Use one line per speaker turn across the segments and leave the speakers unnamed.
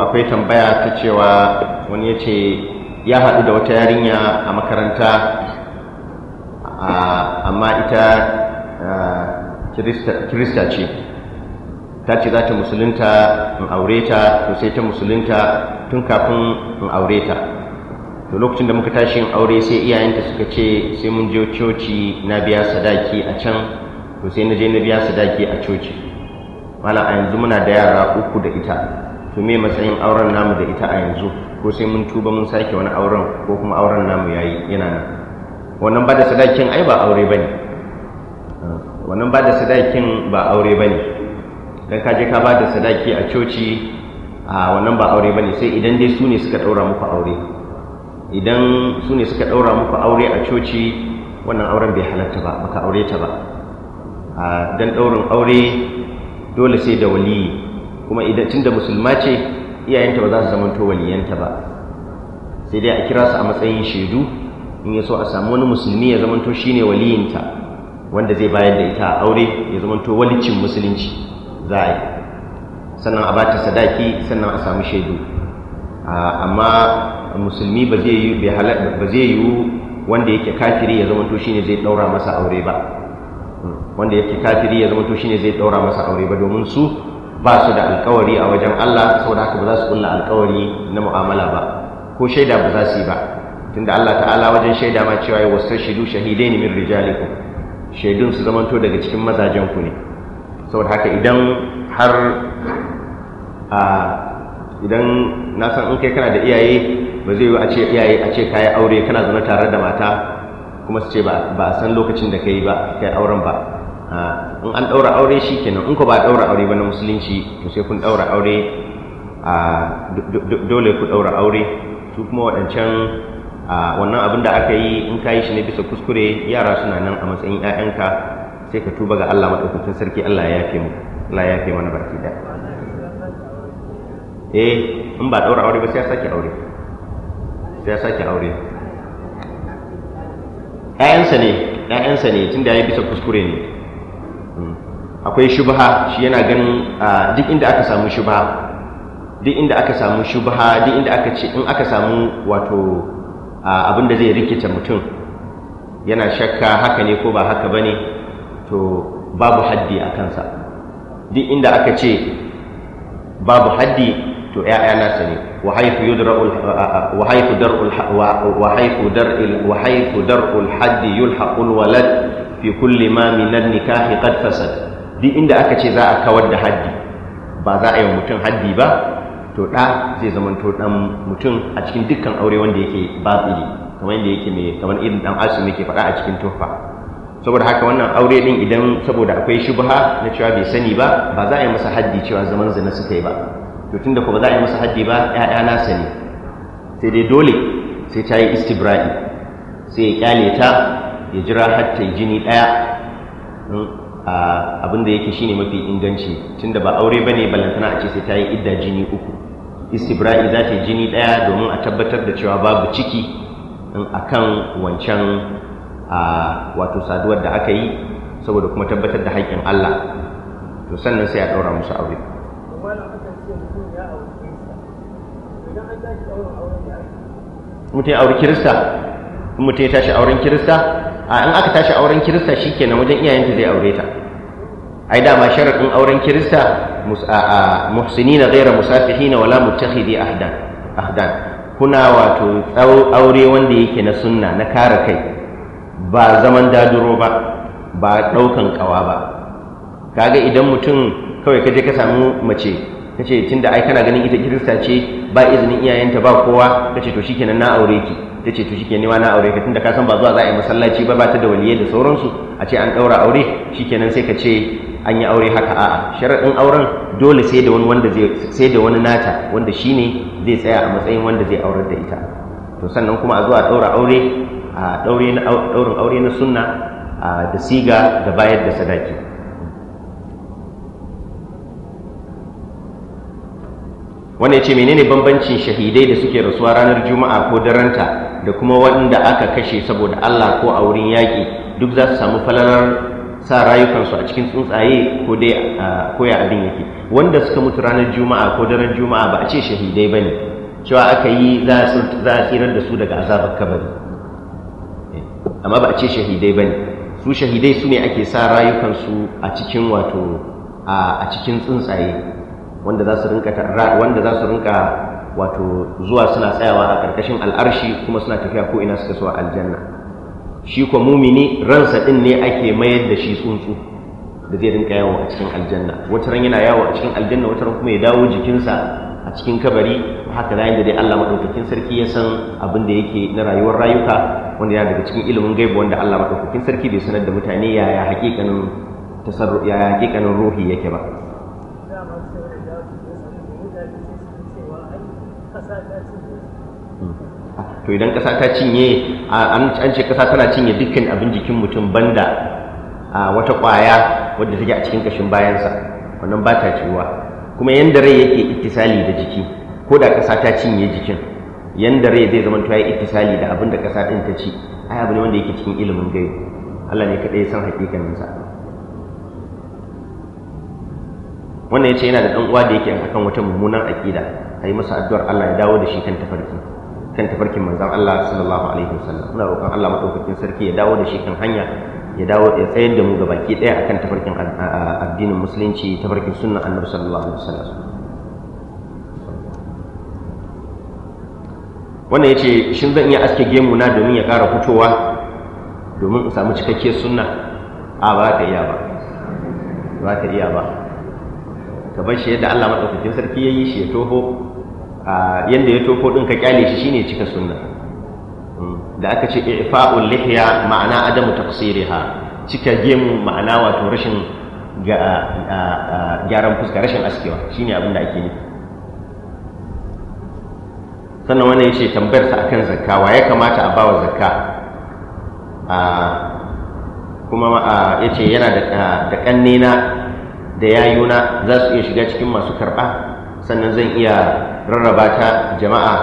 akwai tambaya ta cewa wani ya ce ya haɗu da wata yarinya a makaranta amma ita kirista ce ta ce za ta musulunta in aure ta to sai ta musulunta tun kafin in aure ta to lokacin da muka tashi in aure sai iyayenta suka ce sai mun je coci na biya sadaki a can to sai na je na biya sadaki a coci malam a yanzu muna da yara uku da ita to me matsayin auren namu da ita a yanzu ko sai mun tuba mun sake wani auren ko kuma auren namu yayi yana nan wannan ba da sadakin ai ba aure bane wannan ba da sadakin ba aure bane dan ka je ka ba da sadaki a coci a wannan ba aure bane sai idan dai su ne suka daura muku aure idan su ne suka daura muku aure a coci wannan auren bai halatta ba baka aure ta ba dan daurin aure dole sai da waliyi kuma idan tunda musulma ce iyayenta ba za su zama to waliyanta ba sai dai a kira su a matsayin shaidu in ya so a samu wani musulmi ya zama to shine waliyinta wanda zai bayar da ita a aure ya zama to walicin musulunci za a yi sannan a bata sadaki sannan a samu shaidu amma musulmi ba zai yi wanda yake kafiri ya zama to shine zai daura masa aure ba wanda yake kafiri ya zama to shine zai daura masa aure ba domin su ba su da alkawari a wajen Allah saboda haka ba za su kulla alkawari na mu'amala ba ko shaida ba za su yi ba tunda Allah ta'ala wajen shaida ma cewa ya wasu shaidu shahidai ne min rijalikum shaidun su zamanto daga cikin mazajen ku ne saboda haka idan har a idan na san in kai kana da iyaye ba zai yi a ce iyaye a ce kayi aure kana zama tare da mata kuma su ce ba a san lokacin da yi ba kai auren ba ah, in an ɗaura aure shi kenan in ku ba ɗaura aure ba na musulunci to sai kun ɗaura aure a ah, dole ku ɗaura aure su kuma waɗancan ah, wannan abin da aka yi in ka yi shi ne bisa kuskure yara suna nan a matsayin 'ya'yanka sai ka tuba ga Allah maɗaukakin sarki Allah ya yafe mu Allah ya yafe mana baki da eh in ba ɗaura aure ba sai ya sake aure sai ya sake aure ƴaƴansa ne ƴaƴansa ne tunda ya bisa kuskure ne hmm. akwai shubha shi yana ganin duk inda aka samu shubha duk inda aka samu shubha duk inda aka ce in aka samu wato abin da zai rikita mutum yana shakka haka ne ko ba haka ba ne, to babu haddi a kansa duk inda aka ce
babu haddi to ya'ya sa ne wa haifu yudra'ul wa haifu dar'ul wa haifu dar'il wa haifu dar'ul haddi yulhaqul walad fi
kulli ma min an-nikah qad fasad duk inda aka ce za a kawar da haddi ba za a yi mutum haddi ba to da zai zama to dan mutum a cikin dukkan aure wanda yake batili kamar yadda yake mai kamar irin dan asim yake faɗa a cikin tuffa saboda haka wannan aure din idan saboda akwai shubha na cewa bai sani ba ba za a yi masa haddi cewa zaman zina suka yi ba to tunda ko ba za a yi masa haddi ba 'ya'ya nasa ne sai dai dole sai ta yi istibra'i sai ya kyale ta ya jira har ta jini ɗaya hmm, abin da yake shine mafi inganci tunda ba aure bane ballantana a ce sai ta yi idda jini uku istibra'i za ta yi jini ɗaya domin a tabbatar da cewa babu ciki hmm, akan wancan wato saduwar da aka yi saboda kuma tabbatar da haƙƙin Allah to sannan sai a ɗaura musu aure mutum auri kirista in mutum ya tashi auren kirista a in aka tashi auren kirista shi na wajen iyayenta zai aure ta ai dama sharaɗin auren kirista muhsinina ghaira musafihina wala muttakhidi zai ahdan kuna wato aure wanda yake na sunna na kare kai ba zaman daduro ba ba ɗaukan kawa ba
kaga idan mutum kawai ka je ka samu mace kace tunda ai kana ganin ita kirista ce ba izinin iyayenta ba kowa kace to shikenan na aure ki tace to shikenan ma na aure ka tunda ka san ba zuwa za a yi masallaci ba ba ta da waliyai da
sauransu a ce an daura aure shikenan sai ka ce an yi aure haka a'a sharaɗin auren dole sai da wani wanda zai sai da wani nata wanda shine zai tsaya a matsayin wanda zai aurar da ita to sannan kuma a zuwa daura aure a daure na daurin aure na sunna da siga da bayar da sadaki
ya ce, menene bambancin shahidai da suke rasuwa ranar juma'a ko daranta da kuma wanda aka kashe saboda Allah ko a wurin yaƙi duk za su samu falalar sa rayukansu a cikin tsuntsaye ko dai ko ya abin yake
wanda suka mutu ranar juma'a ko daren juma'a ba a ce shahidai bane cewa aka yi za a tsirar da su daga azabar kabari eh, amma ba a ce shahidai bane su shahidai su ne ake sa rayukansu a cikin wato a cikin tsuntsaye wanda za su rinka wanda za su rinka wato zuwa suna tsayawa a ƙarƙashin al'arshi kuma suna tafiya ko ina suka so a aljanna shi ko mumini ransa din ne ake mayar da shi tsuntsu da zai rinka yawo a cikin aljanna wata ran yana yawo a cikin aljanna wata ran kuma ya dawo jikinsa a cikin kabari haka da dai Allah madaukakin sarki ya san abin da yake na rayuwar rayuka wanda yana daga cikin ilimin gaibu wanda Allah madaukakin sarki bai sanar da mutane yaya hakikanin tasarru yaya hakikanin ruhi yake ba to idan ƙasa ta cinye an ce ƙasa tana cinye dukkan abin jikin mutum banda wata ƙwaya wadda take a cikin ƙashin bayansa wannan ba ta ciwa kuma yanda rai yake ittisali da jiki ko da ƙasa ta cinye jikin yanda rai zai zama ya ittisali da abin da ƙasa ɗin ta ci ai abu ne wanda yake cikin ilimin gai Allah ne kaɗai ya san hakikaninsa wannan ya ce yana da ɗan'uwa uwa da yake akan wata mummunan aƙida a yi masa addu'ar Allah ya dawo da shi kan tafarki kan tafarkin manzan Allah sallallahu alaihi wasallam muna roƙon Allah madaukakin sarki ya dawo da shi kan hanya ya dawo ya tsayar da mu ga baki ɗaya akan tafarkin addinin musulunci tafarkin sunnan annabi sallallahu alaihi wasallam wannan ya ce shin zan iya aske gemu na domin ya ƙara fitowa domin in samu cikakkiyar sunna a ba ka iya ba ba ka iya ba ka bar shi yadda Allah madaukakin sarki ya yi shi ya toho yadda ya tofo ɗin ka kyale shi shine cika sunna mm. da aka ce ifa'ul lihiya ma'ana adamu taqsiriha cika gemu ma'ana wato rashin gyaran fuska rashin askewa shine abin da ake nufi sannan wannan yace tambayar sa akan zakka wa ya kamata a bawa zakka a kuma yace yana da da kannena da yayuna za su iya shiga cikin masu karba sannan zan iya rarraba ta jama'a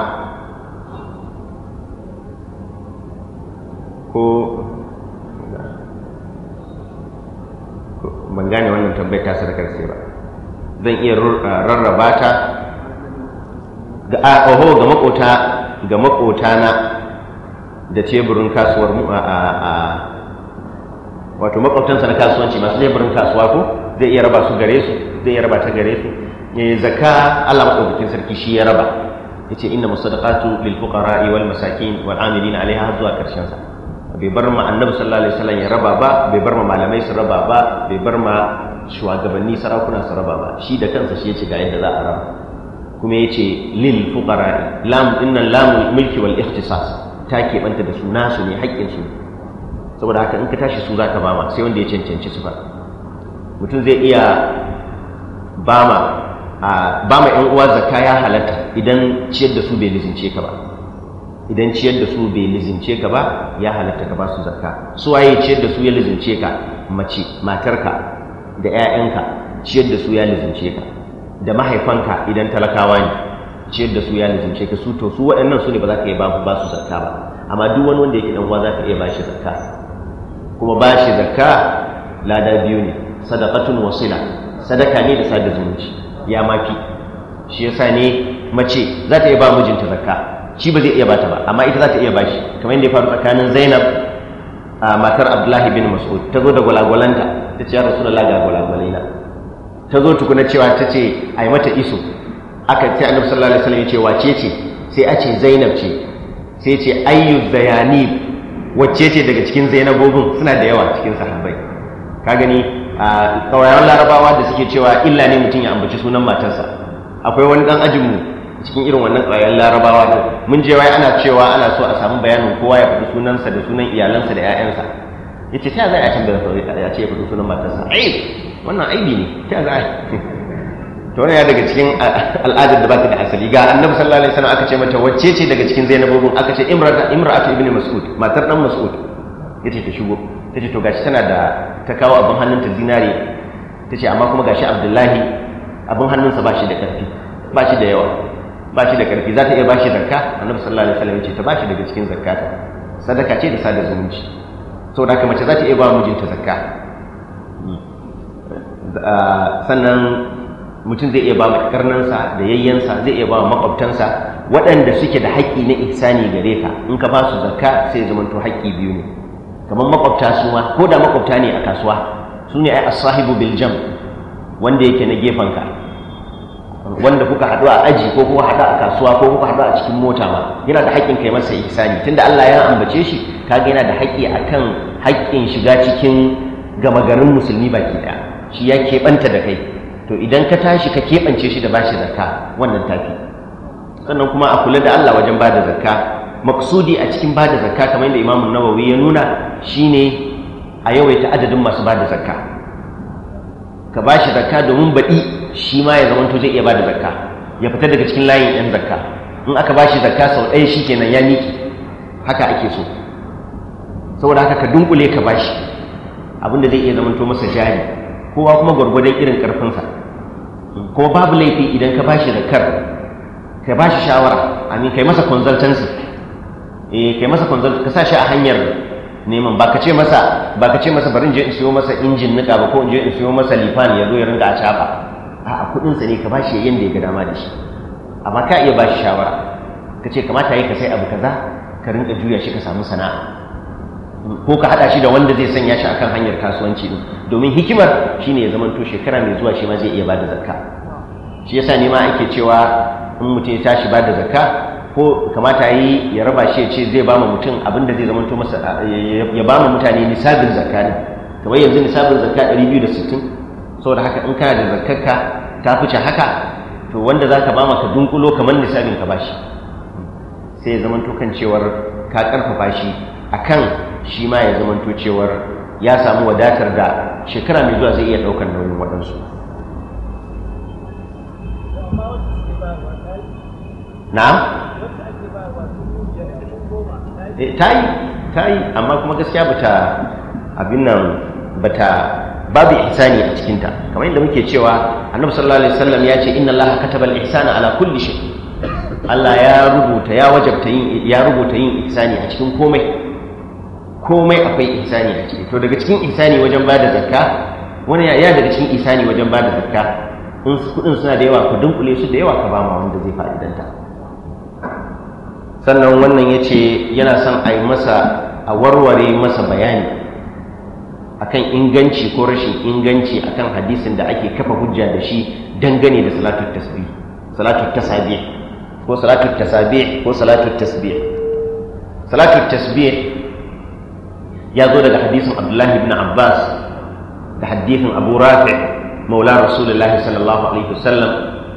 ko ban gane wannan tambayar ta sadakar sai ba zan iya rarraba ta ga aho ga makota ga makotana da teburin kasuwar mu a wato makwabtansa na kasuwanci masu teburin kasuwa ko zai iya raba su gare su zai iya raba ta gare su Eh, zaka Allah madaukakin sarki shi ya raba ce inna musaddaqatu lil fuqara'i wal masakin wal 'amilina 'alaiha zuwa karshen sa bai bar ma annabi sallallahu alaihi wasallam ya raba ba bai bar ma malamai su raba ba bai bar ma shugabanni sarakuna su raba ba shi da kansa shi yace ga yadda za a raba kuma yace lil fuqara'i lam innan lamu mulki wal ikhtisas ta keɓanta da su nasu ne haƙƙin su saboda haka in ka tashi su zaka bama sai wanda ya cancanci su ba mutum zai iya bama ba mai yan uwa zakka ya halatta idan ciyar da su bai lizince ka ba idan ciyar da su bai lizince ka ba ya halatta ka ba su zakka su waye ciyar da su ya lizince ka mace matarka da 'ya'yanka ciyar da su ya lizince ka da mahaifanka idan talakawa ne ciyar da su ya lizince ka su to su waɗannan su ne ba za ka iya ba su zakka ba amma duk wani wanda yake dan uwa za ka iya ba shi zakka kuma ba shi zakka lada biyu ne sadaqatun wasila sadaka ne da sada zumunci ya mafi shi yasa ne mace za ta iya ba mijinta zakka shi ba zai iya bata ba amma ita za ta iya bashi kamar yadda ya faru tsakanin Zainab a matar Abdullahi bin Mas'ud ta zo da gwalagwalanta ta ce ya Rasulullah ga gulagulaina ta zo tukuna cewa ta ce ai mata iso aka ce Annabi sallallahu alaihi wasallam ya ce wace ce sai a ce Zainab ce sai ce ayyu zayani wacce ce daga cikin Zainabobin suna da yawa cikin sahabbai ka gani a ƙaurayen larabawa da suke cewa illa ne mutum ya ambaci sunan matarsa akwai wani ɗan ajinmu cikin irin wannan ƙaurayen larabawa to mun je wai ana cewa ana so a samu bayanin kowa ya faɗi sunansa da sunan iyalansa da 'ya'yansa ya ce ta zai a can da ya ce ya faɗi sunan matarsa aib wannan aibi ne ta za a to wannan ya daga cikin al'adar da ba ta da asali ga annabi sallallahu alaihi wasallam aka ce mata wacce ce daga cikin zainabobin aka ce imra'atu ibn mas'ud matar dan mas'ud yace ta shigo ta ce to gashi tana da ta kawo abin hannunta zinare ta ce amma kuma gashi abdullahi abin hannunsa ba shi da ƙarfi ba shi da yawa ba shi da ƙarfi za ta iya ba shi zakka annabi sallallahu alaihi wasallam ya ce ta ba shi daga cikin zakkata sadaka ce da sada zumunci Sau da mace za ta iya ba mijinta zakka sannan mutum zai iya ba wa karnansa da yayyansa zai iya ba wa makwabtansa waɗanda suke da haƙƙi na ihsani gare ka in ka ba su zakka sai ya zamanto haƙƙi biyu ne kamar makwabta su ma ko da makwabta ne a kasuwa su ne ai asahibu sahibu bil jam wanda yake na gefen ka wanda kuka haɗu a aji ko kuka haɗu a kasuwa ko kuka hadu a cikin mota ma yana da haƙƙin kai masa ihsani tunda Allah ya ambace shi kaga yana da haƙƙi akan haƙƙin shiga cikin gama garin musulmi baki ɗaya shi ya keɓanta da kai to idan ka tashi ka keɓance shi da bashi zakka wannan tafi sannan kuma a kula da Allah wajen bada zakka maksudi a cikin bada zakka kamar yadda imamun nawawi ya nuna shine a yawaita adadin masu bada zakka
ka ba shi zakka domin baɗi
shi ma ya zamanto zai iya bada zakka ya fitar daga cikin layin 'yan zakka in aka ba shi zakka sau ɗaya shi kenan ya miƙe haka ake so saboda haka ka dunkule ka ba shi abinda zai iya zamanto masa jari kowa kuma gwargwadon irin ƙarfinsa kuma babu laifi idan ka ba shi zakkar ka ba shi shawara amin kai masa consultancy eh kai masa kwanzar ka sa shi a hanyar neman ba ka ce masa ba ka ce masa bari in je in siyo masa injin nika ba ko in je in siyo masa lifan ya zo ya rinka a caba a kudin sa ne ka bashi da ya ga dama da shi amma ka iya bashi shawara ka ce kamata yayi ka sai abu kaza ka rinka juya shi ka samu sana'a ko ka hada shi da wanda zai sanya shi akan hanyar kasuwanci din domin hikimar shine ya zamanto shekara mai zuwa shi ma zai iya bada zakka shi yasa ne ma ake cewa in mutum ya tashi bada zakka ko kamata yi ya raba shi ya ce zai ba mutum abin zai zama masa ya ba mutane nisabin zakka ne kamar yanzu nisabin zakka 260 saboda haka in kana da zakkarka ta fice haka to wanda za ka ba maka dunkulo kamar nisabin ka bashi sai ya zama to kan cewar ka karfafa shi akan shi ma ya zama to cewar ya samu wadatar da shekara mai zuwa zai iya daukar nauyin waɗansu na'am eh, ta yi ta yi amma kuma gaskiya bata abin nan bata babu ihsani a cikinta kamar yadda muke cewa annabi sallallahu alaihi wasallam ya ce inna allaha kataba al-ihsana ala kulli shay Allah ya rubuta ya wajabta yin ya rubuta yin ihsani a cikin komai komai akwai ihsani a ciki to daga cikin ihsani wajen bada zakka wani ya daga cikin ihsani wajen bada zakka in kudin suna da yawa ku dunkule su da yawa ka ba ma wanda zai fa'idanta sannan wannan ya ce yana son a yi masa a warware masa bayani akan inganci ko rashin inganci akan hadisin da ake kafa hujja da shi dangane da salatu tasbih salatu tasabih ko salatu tasabih ko salatu tasbih salatu tasbih ya zo daga hadisin Abdullahi ibn Abbas da hadisin Abu Rafi' maula Rasulullahi sallallahu alaihi wasallam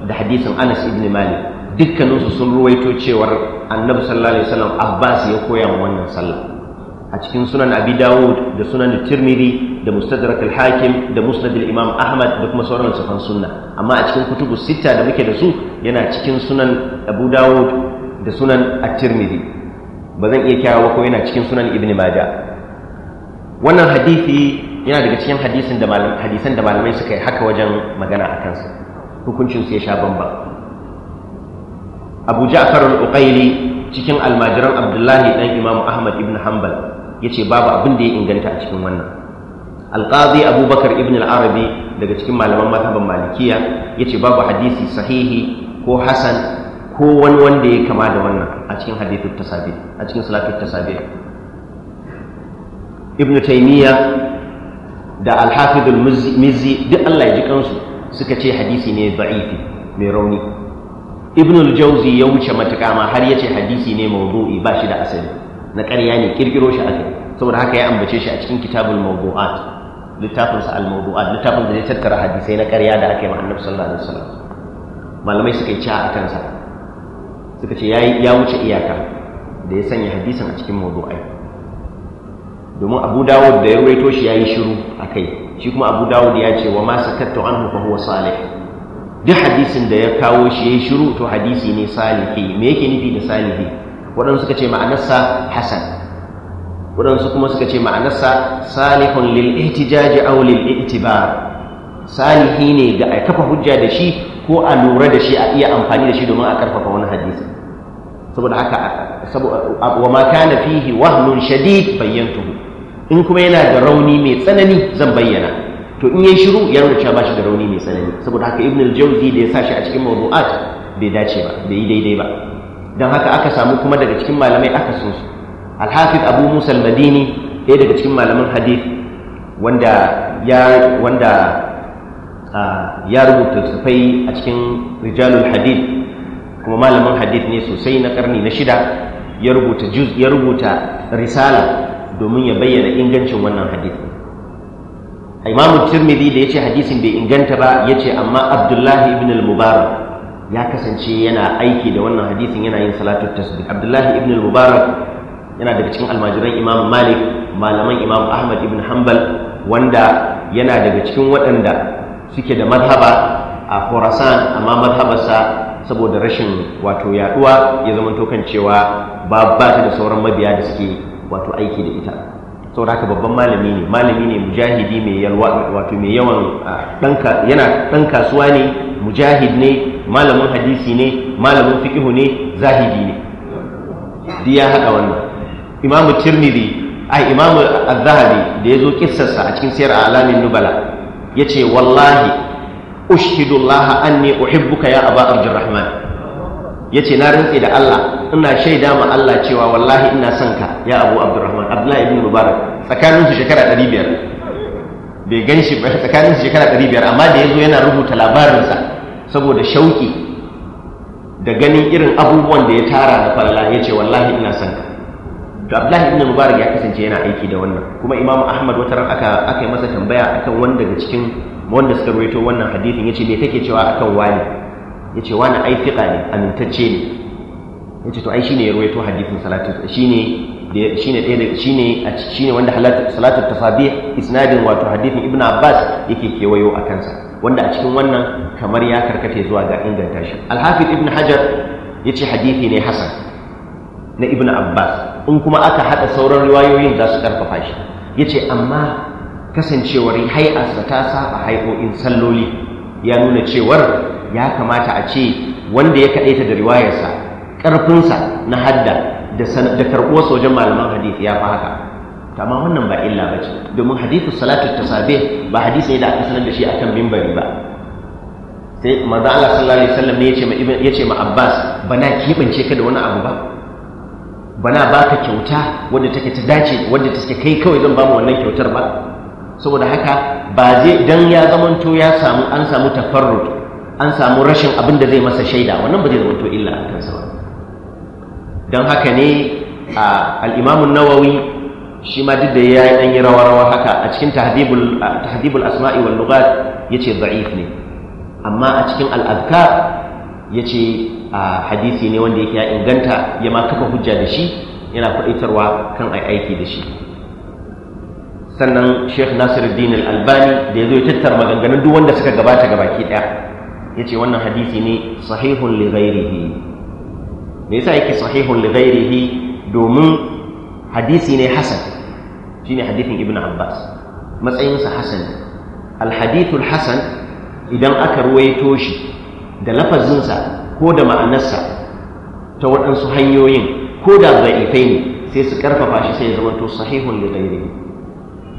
da hadisin Anas ibn Malik dukkaninsu sun ruwaito cewar annabi sallallahu alaihi wasallam abbas ya koya wa wannan sallah a cikin sunan abi dawud da sunan tirmidhi da mustadrak al-hakim da musnad al-imam ahmad da kuma sauran safan sunna amma a cikin kutubu sita da muke da su yana cikin sunan abu dawud da sunan at-tirmidhi ba zan iya kawo ko yana cikin sunan ibn majah wannan hadisi yana daga cikin hadisin da hadisan da malamai suka yi haka wajen magana a kansa hukuncin su ya sha bambam abu ja'far al-uqayli cikin almajiran abdullahi dan imamu ahmad ibn hanbal yace babu abin da ya inganta a cikin wannan alqazi abubakar ibn al-arabi daga cikin malaman mazhaban malikiya yace babu hadisi sahihi ko hasan ko wani wanda ya kama da wannan a cikin hadithu tasabi a cikin salatu tasabi ibn taymiya da al-hafiz al-mizzi duk Allah ya ji kansu suka ce hadisi ne da'ifi mai rauni ibn al-jawzi ya wuce matuƙa ma har yace hadisi ne mawdu'i ba shi da asali na ƙarya ne kirkiro shi akai saboda haka ya ambace shi a cikin kitabul mawdu'at littafin sa al-mawdu'at littafin da ya tattara hadisai na ƙarya da aka yi ma annabi sallallahu alaihi wasallam malamai suka yi ca a kansa suka ce ya wuce iyaka da ya sanya hadisin a cikin mawdu'ai domin abu dawud da ya rawaito shi yayi shiru akai shi kuma abu dawud ya ce wa ma sakattu anhu fa huwa salih duk hadisin da ya kawo shi yayi shiru to hadisi ne salihi me yake nufi da salihi waɗansu suka ce ma'anarsa hasan waɗansu kuma suka ce ma'anarsa salihun lil ihtijaji aw lil i'tibar salihi ne ga a kafa hujja da shi ko a lura da shi a iya amfani da shi domin a karfafa wani hadisi saboda haka wa ma kana fihi wahmun shadid bayyantuhu in kuma yana da rauni mai tsanani zan bayyana to in yi shiru ya nuna ba shi da rauni mai tsanani saboda haka ibn al-jawzi da ya sa a cikin mawdu'at bai dace ba bai yi daidai ba dan haka aka samu kuma daga cikin malamai aka so su al-hafiz abu musa al-madini ɗaya daga cikin malaman hadith wanda ya wanda ya rubuta sufai a cikin rijalul hadith kuma malamin hadith ne sosai na karni na shida ya rubuta juz ya rubuta risala domin ya bayyana ingancin wannan hadith
imam tirmidhi da ya ce hadisin
bai inganta ba ya ce amma abdullahi ibn al-mubarak ya kasance yana aiki da wannan hadisin yana yin salatu tasbih abdullahi ibn al-mubarak yana daga cikin almajiran imam malik malaman imam ahmad ibn hanbal wanda yana daga cikin waɗanda suke da madhaba a khurasan amma madhabarsa saboda rashin wato yaduwa ya zama kan cewa ba ta da sauran mabiya da suke wato aiki da ita saboda haka babban malami ne malami ne mujahidi mai yalwa wato mai yawan yana ɗan kasuwa ne mujahid ne malamin hadisi ne malamin fiƙihu ne zahidi ne duk ya haɗa wannan imamu tirmidhi a imamu az-zahabi da yazo kissarsa a cikin siyar alamin nubala yace wallahi ushhidu allaha anni uhibbuka ya aba abdurrahman
yace na rantse da Allah ina shaida ma Allah cewa
wallahi ina son ka ya abu abdurrahman abdullahi ibn mubarak tsakanin su shekara 500 bai gan shi ba tsakanin su shekara 500 amma da yazo yana rubuta labarinsa saboda shauki da ganin irin abubuwan da ya tara na falala ya ce wallahi ina son ka to abdullahi ibn mubarak ya kasance yana aiki da wannan kuma imam ahmad wata ran aka aka yi masa tambaya akan wanda daga cikin wanda suka rawaito wannan hadisin yace me take cewa akan wani yace wani aifiqa ne amintacce ne yace to ai shine ya rawaito hadisin salatu shine shine ɗaya shine wanda salatul tafabih isnadin wato hadithin ibn abbas yake kewayo a kansa wanda a cikin wannan kamar ya karkace zuwa ga inganta shi al ibn hajar yace hadithi ne hasan na ibn abbas in kuma aka hada sauran riwayoyin za su karfafa shi yace amma kasancewar hai'arsa ta saba hai'o'in salloli ya nuna cewar ya kamata a ce wanda ya kaɗaita da riwayarsa ƙarfinsa na hadda da karɓuwa sojan malaman hadisi ya fi haka amma wannan ba illa ba ce domin hadithu salatu tasabih ba hadisi ne da aka sanar da shi akan mimbari ba sai manzo Allah sallallahu alaihi wasallam ne yace ma ma Abbas bana kibance ka da wani abu ba bana baka kyauta wanda take ta dace wanda take kai kawai zan ba mu wannan kyautar ba saboda haka ba zai dan ya zamanto ya samu an samu tafarrud an samu rashin abin da zai masa shaida wannan ba zai zamanto illa a kansa ba don haka ne a al'imamun nawawi shi ma duk da ya yi ɗanyi rawa haka a cikin tahdibul asma'i wal lugat ya ce za'if ne amma a cikin al'adkar ya ce hadisi ne wanda yake ya inganta ya ma kafa hujja da shi yana kwaɗaitarwa kan aiki da shi sannan sheikh nasiruddin al-albani da ya zo ya tattara maganganun duk wanda suka gabata gabaki ɗaya ya ce wannan hadisi ne sahihun li ghairihi me yasa yake sahihun li ghairihi domin hadisi ne hasan shine hadisin ibnu abbas matsayinsa hasan al hadithul hasan idan aka ruwaito shi da lafazinsa ko da ma'anarsa ta waɗansu hanyoyin ko da za'ifai ne sai su karfafa shi sai ya zama to sahihun li ghairihi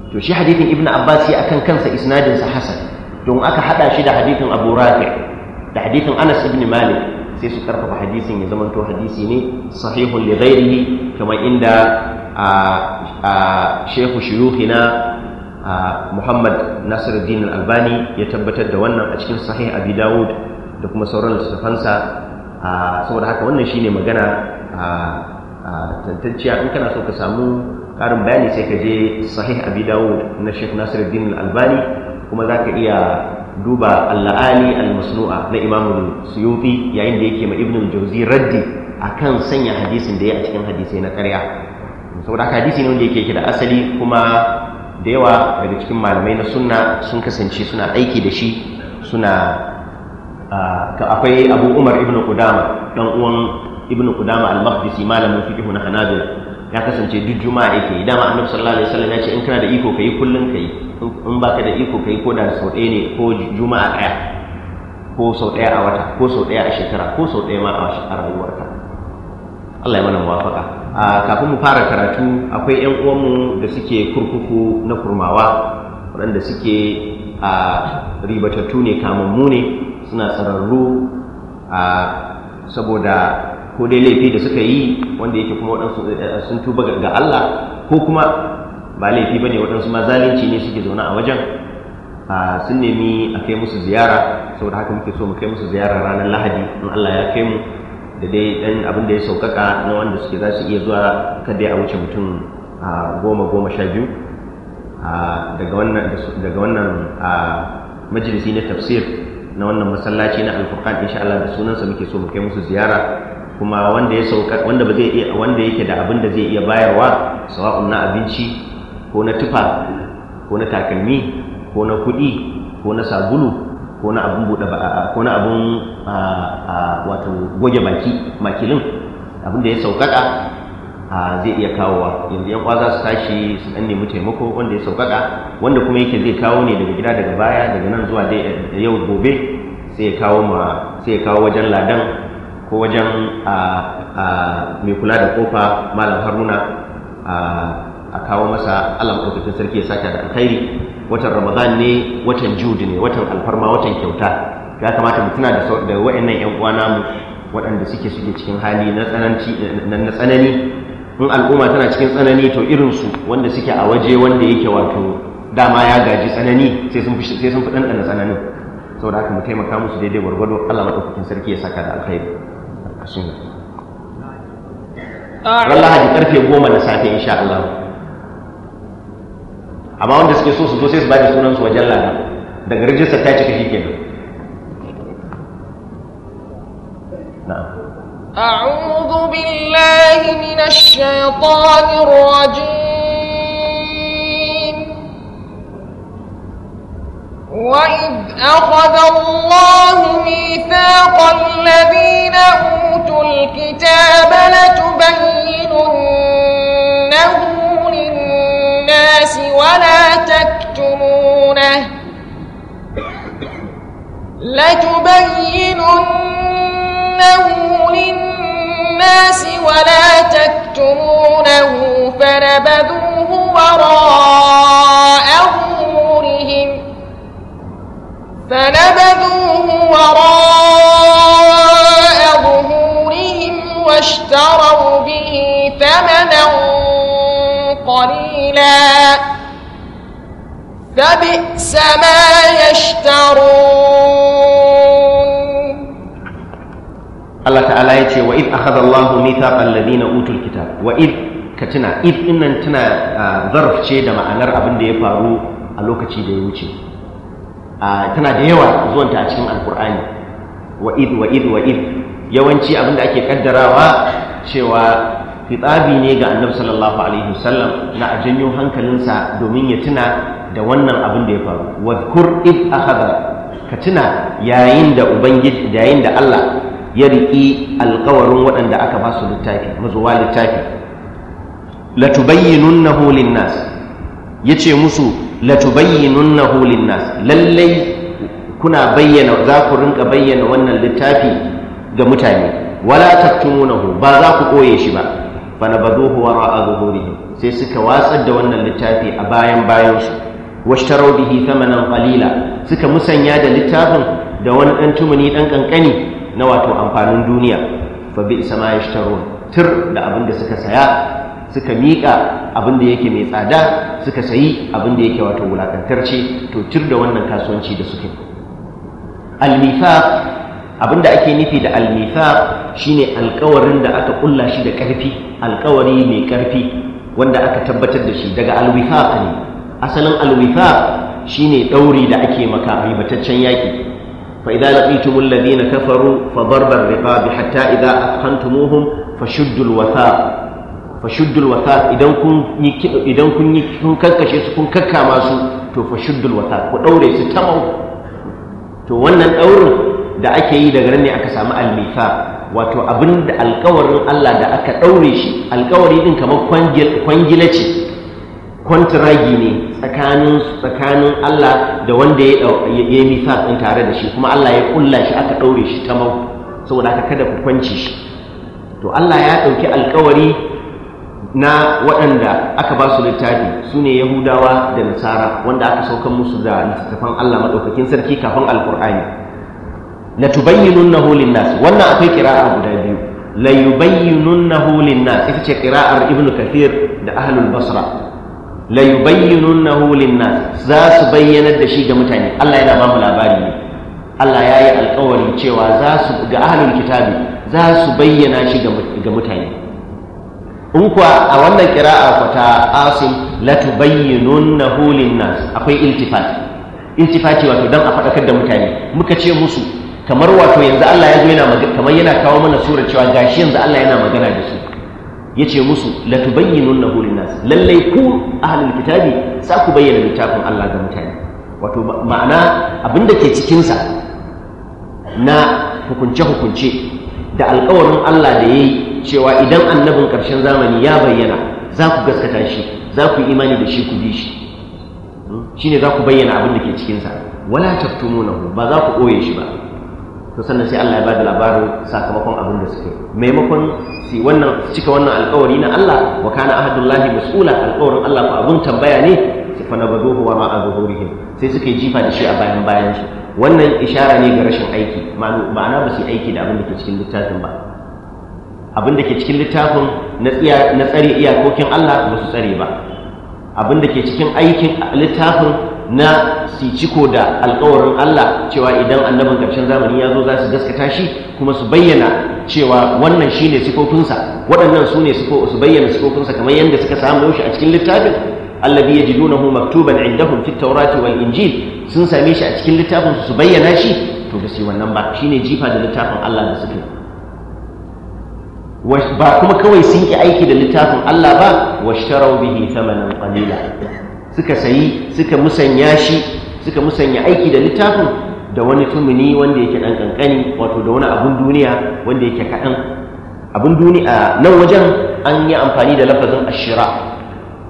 to shi hadithin ibnu abbas ya akan kansa isnadinsa hasan don aka hada shi da hadithin abu rafi da hadithin anas ibn malik sai su karfafa hadisin ya zamanto hadisi ne sahihun li kamar inda a shehu na Muhammad Nasiruddin Al-Albani ya tabbatar da wannan a cikin sahih Abi Dawud da kuma sauran littafansa saboda haka wannan shine magana tantanciya in kana so ka samu karin bayani sai ka je sahih Abi Dawud na shehu Nasir Al-Albani kuma za ka iya duba alali al-masnu'a na imamun suyufi yayin da yake ma ibnu jauzi raddi a kan sanya hadisin da ya a cikin hadisai na ƙarya saboda haka hadisi ne wanda yake da asali kuma da yawa daga cikin malamai na sunna sun kasance suna aiki da shi suna akwai abu umar ibnu kudama dan uwan ibnu kudama al-maqdisi malamin fiƙihu na hanabila ya kasance duk juma'a yake dama annabi sallallahu alaihi wasallam ya ce in kana da iko kai kullun kai in baka da iko kai ko da sau ɗaya ne ko juma'a ɗaya ko sau ɗaya a wata ko sau ɗaya a shekara ko sau ɗaya ma a rayuwarka Allah ya mana muwafaka kafin mu fara karatu akwai ƴan uwanmu da suke kurkuku na kurmawa waɗanda suke a ribatattu ne kamammu ne suna tsararru a saboda ko dai laifi da suka yi wanda yake kuma waɗansu eh, sun tuba ga Allah ko kuma ba laifi bane waɗansu ma zalunci ne suke zaune a wajen sun nemi a kai musu ziyara saboda haka muke so mu kai musu ziyara ranar Lahadi in Allah ya kai mu da dai dan abin da ya saukaka na wanda suke za su iya zuwa kada ya wuce mutum goma goma sha biyu daga wannan majalisi na tafsir na wannan masallaci na alfurqan insha Allah da sunansa muke so mu kai musu ziyara kuma wanda ya sauka wanda ba zai iya wanda yake da abin da zai iya bayarwa sawa'un na abinci ko na tufa ko na takalmi ko na kuɗi ko na sabulu ko na abin buɗe ba ko na abin wato goge baki makilin abin da ya saukaka zai iya kawowa yanzu yan kwaza su tashi su dan nemi taimako wanda ya saukaka wanda kuma yake zai kawo ne daga gida daga baya daga nan zuwa eh, yau gobe sai ya kawo wajen ladan ko wajen mai kula da kofa malam haruna a kawo masa alam ɗaukakin sarki ya sake da alkhairi watan ramadan ne watan judi ne watan alfarma watan kyauta ya kamata mu tuna da wa'annan yan uwa namu waɗanda suke suke cikin hali na tsanani in al'umma tana cikin tsanani to irinsu wanda suke a waje wanda yake wato dama ya gaji tsanani sai sun fi ɗanɗana tsananin saboda haka mu taimaka musu daidai gwargwado allah maɗaukakin sarki ya saka da alkhairi
Ah, ran lahadi karfe goma na
safe insha Allah amma wanda suke so su zo sai su bada sunan su wajen lada daga rijistar ta cika shi kenan
أعوذ بالله من shaitanir الرجيم وإذ أخذ الله ميثاق الذين أوتوا الكتاب لتبيننه للناس ولا تكتمونه لتبيننه للناس ولا تكتمونه فنبذوه وراء فنبذوه وراء ظهورهم واشتروا به ثمنا قليلا فبئس ما يشترون
الله تعالى يتي وإذ أخذ الله ميثاق الذين أوتوا الكتاب وإذ كتنا إذ إنن تنا آه، ظرف شيء da ma'anar abin da ya faru a lokaci da ya wuce tana da yawa zuwanta a cikin alkur'ani wa'id wa'id wa'id yawanci abinda ake kaddarawa cewa fitabi ne ga annabi sallallahu alaihi wasallam na a janyo hankalinsa domin ya tuna da wannan abin da ya faru wadkur id akhadha ka tuna yayin da ubangiji yayin da Allah ya riki alƙawarin waɗanda aka ba su littafi mazuwa littafi latubayyinunnahu linnas yace musu latubayyinunnahu linnas lallai kuna bayyana za ku rinka bayyana wannan littafi ga mutane wala taktumunahu ba za ku koye shi ba fa nabaduhu wara'a zuhurihim sai suka watsar da wannan littafi a bayan bayan su washtarau bihi thamanan qalila suka musanya da littafin da wani dan tumuni dan kankani na wato amfanin duniya fa bi sama yashtarun tir da abin da suka saya suka miƙa abin da yake mai tsada suka sayi abin da yake wato wulakantarce to cir da wannan kasuwanci da suke almifaq abin da ake nufi da almifaq shine alkawarin da aka kulla shi da ƙarfi alkawari mai ƙarfi wanda aka tabbatar da shi daga alwifa ne asalin alwifaq shine ɗauri da ake maka ribataccen yaƙi فإذا لقيتم الذين كفروا فضرب الرقاب حتى إذا أثخنتموهم فشدوا الوثاق fashuddul wata idan kun yi idan kun yi kun su kun kakkama su to fashuddul wata ku daure su tamau to wannan daurin da ake yi daga rani aka samu almifa wato abin da alkawarin Allah da aka daure shi alkawari din kamar kwangila ce kwantiragi ne tsakanin tsakanin Allah da wanda ya yi misa din tare da shi kuma Allah ya kulla shi aka daure shi tamau saboda aka kada ku kwanci shi to Allah ya dauki alkawari na waɗanda aka ba su littafi su ne yahudawa da nasara wanda aka saukan musu da littattafan allah maɗaukakin sarki kafin alkur'ani la holin nasu, wannan akwai kira'a guda biyu la holin nasu, ita ce kira'ar ibnu kathir da ahlul basra la holin nasu, za su bayyanar da shi ga mutane allah yana ba mu labari ne allah ya yi alkawari cewa za su ga ahlul kitabi za su bayyana shi ga mutane in kuwa a wannan kira'a ku ta latu la na lin-nas akwai iltifat iltifati wato dan a faɗakar da mutane muka ce musu kamar wato yanzu Allah ya zo yana magana kamar yana kawo mana surar cewa gashi yanzu Allah yana magana da su ya ce musu la na lin-nas lallai ku halin kitabi sa ku bayyana littafin Allah ga mutane wato ma'ana da ke cikinsa na hukunce hukunce da alkawarin Allah da ya yi. cewa idan annabin ƙarshen zamani ya bayyana za ku gaskata shi za ku imani da shi ku bi hmm? shi ne za ku bayyana abin da ke cikinsa wala taftumunahu ba za ku ɓoye shi ba to sannan sai Allah ya bada labarin sakamakon abin da suke maimakon si wannan cika wannan alƙawari na Allah wa kana ahadullahi mas'ula alƙawarin Allah ko abin tambaya ne sai fa nabaduhu wa ma'a zuhurihim sai suke jifa da shi a bayan bayan shi wannan ishara ne ga rashin aiki ma'ana ba su aiki da abin da ke cikin littafin ba abin da ke cikin littafin na tsare iyakokin Allah ba su tsare ba
abin da ke cikin aikin littafin na siciko da alkawarin Allah cewa idan annabin ƙarshen zamani ya zo za su gaskata shi
kuma su bayyana cewa wannan shi ne sifofinsa waɗannan su ne su bayyana sifofinsa kamar yadda suka samu shi a cikin littafin allabi ya jidunahu maktuban Indahun, fit taurati wal injil sun same shi a cikin littafin su bayyana shi to ba yi wannan ba shine jifa da littafin Allah da suka yi ba kuma kawai sun ki aiki da littafin Allah ba washarau bihi thamanan qalila suka sayi suka musanya shi suka musanya aiki da littafin da wani tumuni wanda yake dan kankani wato da wani abun duniya wanda yake kadan abun duniya nan wajen an yi amfani da lafazin ashira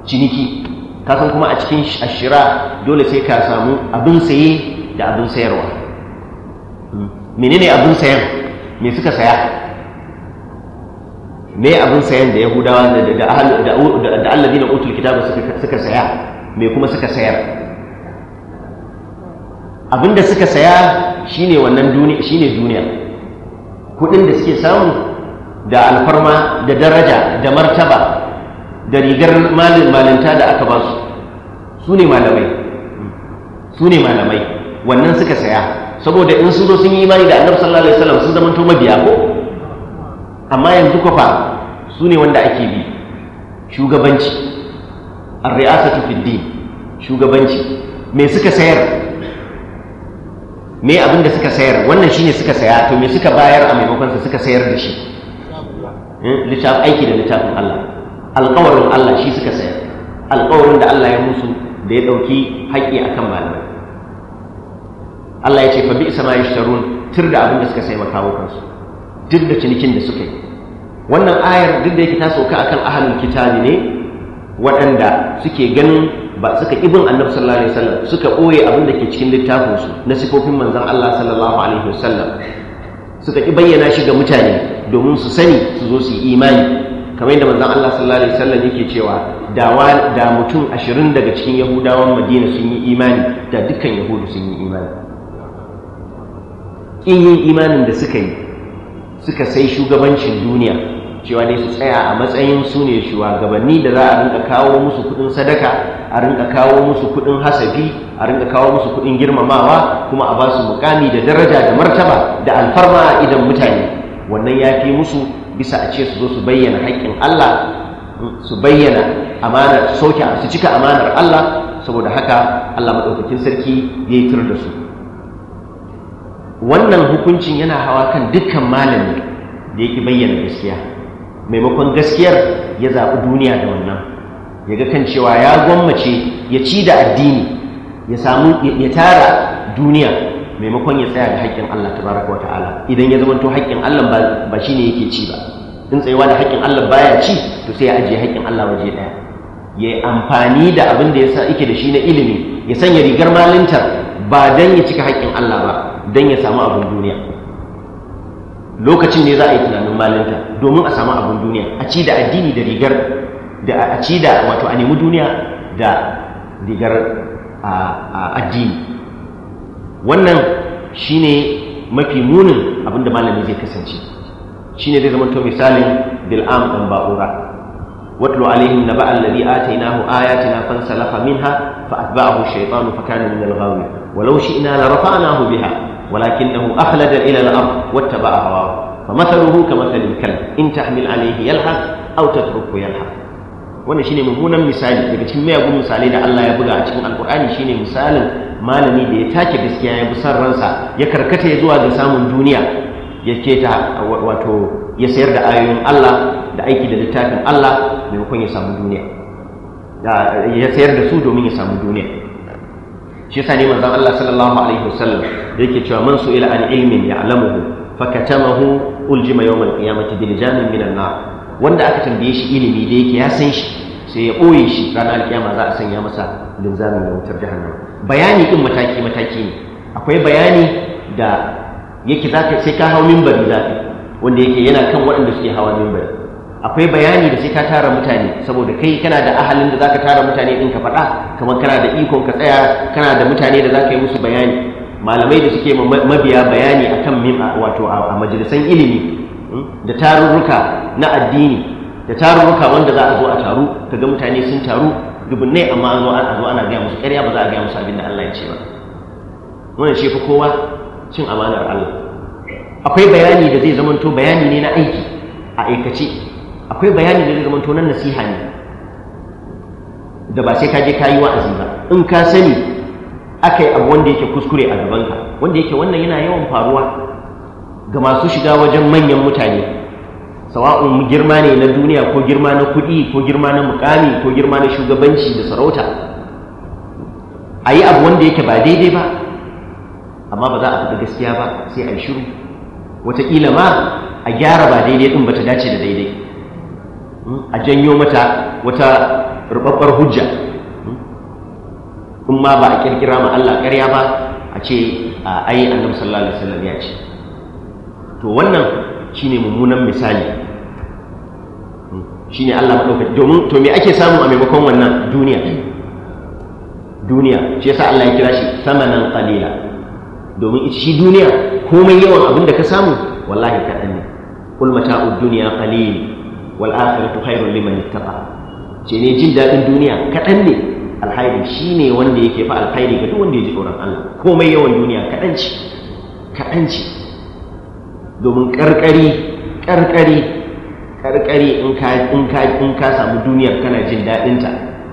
ciniki kasan kuma a cikin ashira dole sai ka samu abin saye da abin sayarwa hmm. menene abin sayar me suka saya me abin sayan da yahudawa da allazi na utul kitabu suka saya me kuma suka sayar abin da suka saya shine wannan duniya shine duniya kudin da suke samu da alfarma da daraja da martaba da rigar malinta da aka ba su su ne malamai su ne malamai wannan suka saya saboda in sun zo sun yi imani da annabi sallallahu alaihi wasallam sun zama to mabiya ko amma yanzu kwafa su ne wanda ake bi shugabanci arri'asatu fid shugabanci me suka sayar me abin da suka sayar wannan shine suka saya to me suka bayar a maimakon su suka sayar da shi hmm? littafin aiki da littafin Allah alƙawarin Allah shi suka sayar alƙawarin da Allah ya musu da ya ɗauki haƙƙi akan malamai Allah ya ce fa bi'sa ma yashtarun tir da abin da suka sai makawo kansu duk da cinikin da suka yi wannan ayar duk da yake ta sauka akan ahlul kitabi ne
waɗanda suke ganin
ba suka ibin annabi sallallahu alaihi wasallam suka boye abin da ke cikin littafin su na sifofin manzon Allah sallallahu alaihi wasallam suka ki bayyana shi ga mutane domin su sani su zo su yi imani kamar yadda manzon Allah sallallahu alaihi wasallam yake cewa dawa da mutum 20 daga cikin yahudawan Madina sun yi imani da dukkan yahudu sun yi imani in yi imanin da suka yi
suka sai shugabancin duniya cewa ne su tsaya a matsayin su ne shugabanni da za a rinka kawo musu kudin sadaka a rinka kawo musu kudin hasafi
a rinka kawo musu kudin girmamawa kuma a ba su mukami da daraja da martaba da alfarma idan mutane wannan ya fi musu bisa a ce su zo su bayyana haƙƙin Allah su bayyana amanar soke su cika amanar Allah saboda haka Allah maɗaukakin sarki ya yi tur da su wannan hukuncin yana hawa kan dukkan malami da yake bayyana gaskiya maimakon gaskiyar ya zaɓi duniya da wannan ya ga kan cewa ya gwammace ya ci da addini ya samu ya tara duniya maimakon ya tsaya da haƙƙin Allah baraka wa ta'ala idan ya zamanto haƙƙin Allah ba shi ne yake ci ba in tsayuwa da haƙƙin Allah baya ci to sai ya ajiye haƙƙin Allah waje ɗaya ya yi amfani da abin da ya sa yake da shi na ilimi ya sanya rigar malintar ba don ya cika haƙƙin Allah ba don ya samu abin duniya lokacin ne za a yi tunanin malinta domin a samu abin duniya a ci da addini da rigar da a ci da wato a nemi duniya da rigar a addini wannan shine mafi munin abin da malami zai kasance Shi ne zai zama to misalin bil'am ɗan ba'ura watlu alaihim naba alladhi atainahu ayatina fansalafa minha fa atba'ahu shaytanu fa kana min al-ghawi walau larafa la hu biha ولكنه أخلد إلى الأرض واتبع هواه فمثله كمثل الكلب إن تحمل عليه يلحق أو تتركه يلحق wannan shine mummunan misali daga cikin miyagun misalai da Allah ya buga a cikin alkur'ani shine misalin malami da ya take gaskiya ya bi son ransa ya karkata ya zuwa ga samun duniya ya keta wato ya sayar da ayoyin Allah da aiki da littafin Allah maimakon ya samu duniya ya sayar da su domin ya samu duniya shi yasa ne manzon Allah sallallahu alaihi wasallam yake cewa man su'ila an ilmin ya'lamuhu fakatamahu uljima yawmal qiyamati bil jamin minan nar wanda aka tambaye shi ilimi da yake ya san shi sai ya boye shi ranar kiyama za a sanya masa linzamin da wutar jahannama bayani din mataki mataki ne akwai bayani da yake zaka sai ka hawo minbari zaka wanda yake yana kan waɗanda suke hawa minbari akwai bayani da sai ka tara mutane saboda kai kana da ahalin da zaka tara mutane din ka faɗa kamar kana da ikon ka tsaya kana da mutane da zaka yi musu bayani malamai da suke mabiya bayani akan mim wato a majalisan ilimi hmm, da tarurruka na addini da tarurruka wanda za a zo a taru kaga mutane sun taru dubunnai amma an zo an zo ana gaya musu ƙarya ba za a gaya musu abin da Allah ya ce ba wannan shi fa kowa cin amanar Allah akwai bayani da zai zamanto bayani ne na aiki a aikace akwai bayani da zai nan nasiha ne da ba sai ka je ka yi wa'azi ba in ka sani aka yi abu wanda yake kuskure a gabanka wanda yake wannan yana yawan faruwa ga masu shiga wajen manyan mutane sawa'un girma ne na duniya ko girma na kuɗi ko girma na mukami ko girma na shugabanci da sarauta a yi abu wanda yake ba daidai ba amma ba za a fita gaskiya ba sai a yi shiru wataƙila ma a gyara ba daidai ɗin ba ta dace da daidai a janyo mata wata rubabbar hujja in ma ba a kirkira ma Allah ƙarya ba a ce a ayi annabi sallallahu alaihi wasallam ya ce to wannan shine mummunan misali shine Allah madaukaki domin to me ake samu a maimakon wannan duniya duniya shi yasa Allah ya kira shi samanan qalila domin shi duniya komai yawan abin da ka samu wallahi kaɗan ne kul mata'ud dunya qalil wal akhiratu khairun liman ittaqa ce ne jin daɗin duniya kaɗan ne alhairi shi ne wanda yake fa alhairi ga duk wanda ya ji tsoron Allah komai yawan duniya kaɗan ce kaɗan ce domin ƙarƙari ƙarƙari ƙarƙari in ka samu duniya kana jin daɗinta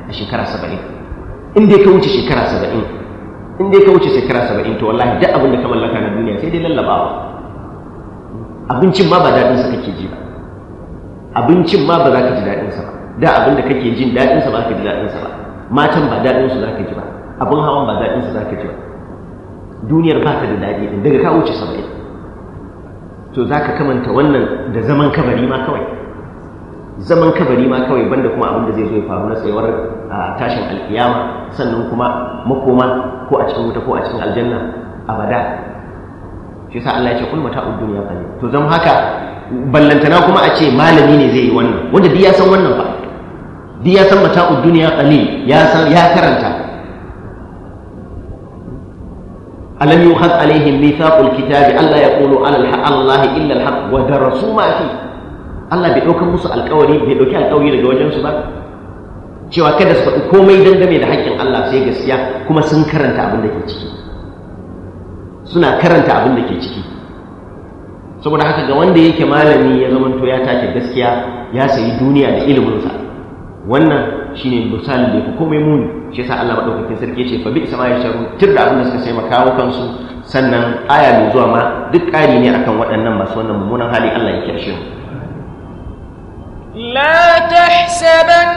a shekara saba'in in dai ka wuce shekara saba'in in dai ka wuce shekara saba'in to wallahi duk abin da ka mallaka na duniya sai dai lallabawa abincin ma ba daɗinsa kake ji ba abincin ma ba za ka ji daɗinsa ba da abin da kake jin daɗinsa ba ka ji daɗinsa ba matan ba daɗinsu za ka ji ba abin hawan ba daɗinsu za ka ji ba duniyar ba ta da daɗi ɗin daga ka wuce saba'in to za ka kamanta wannan da zaman kabari ma kawai zaman kabari ma kawai banda kuma abin da zai zo ya faru na tsayuwar tashin alkiyama sannan kuma makoma ko a cikin wuta ko a cikin aljanna abada shi sa Allah ya ce kul mata'ud dunya qalil to zan haka ballantana kuma a ce malami ne zai yi wannan wanda duk ya san wannan ba duk ya san mata'ud duniya qalil ya san ya karanta alam yuhad alaihim mithaqul kitab Allah yaqulu ala allahi illa alhaq wa darasu ma fi Allah bai dauka musu alƙawari bai dauki alƙawari daga wajen su ba cewa kada su faɗi komai dangane da haƙƙin Allah sai gaskiya kuma sun karanta abin da ke ciki suna karanta abin da ke ciki saboda haka ga wanda yake malami ya zamanto ya take gaskiya ya sayi duniya da iliminsa wannan shine misalin da yake komai muni shi yasa Allah madaukakin sarki ce fa bi sama ya sharu tir da abin da suka sai makawo kansu sannan aya mai zuwa ma duk ƙari ne akan waɗannan masu wannan mummunan hali Allah ya kyashe mu
لا تحسبن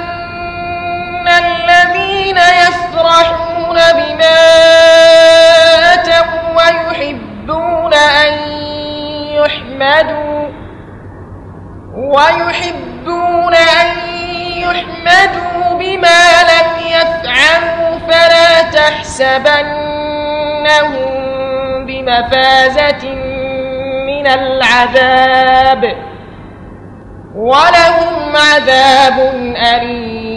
الذين يفرحون بما أتوا ويحبون أن يحمدوا ويحبون أن يحمدوا بما لم يفعلوا فلا تحسبنهم بمفازة من العذاب ولهم عذاب أليم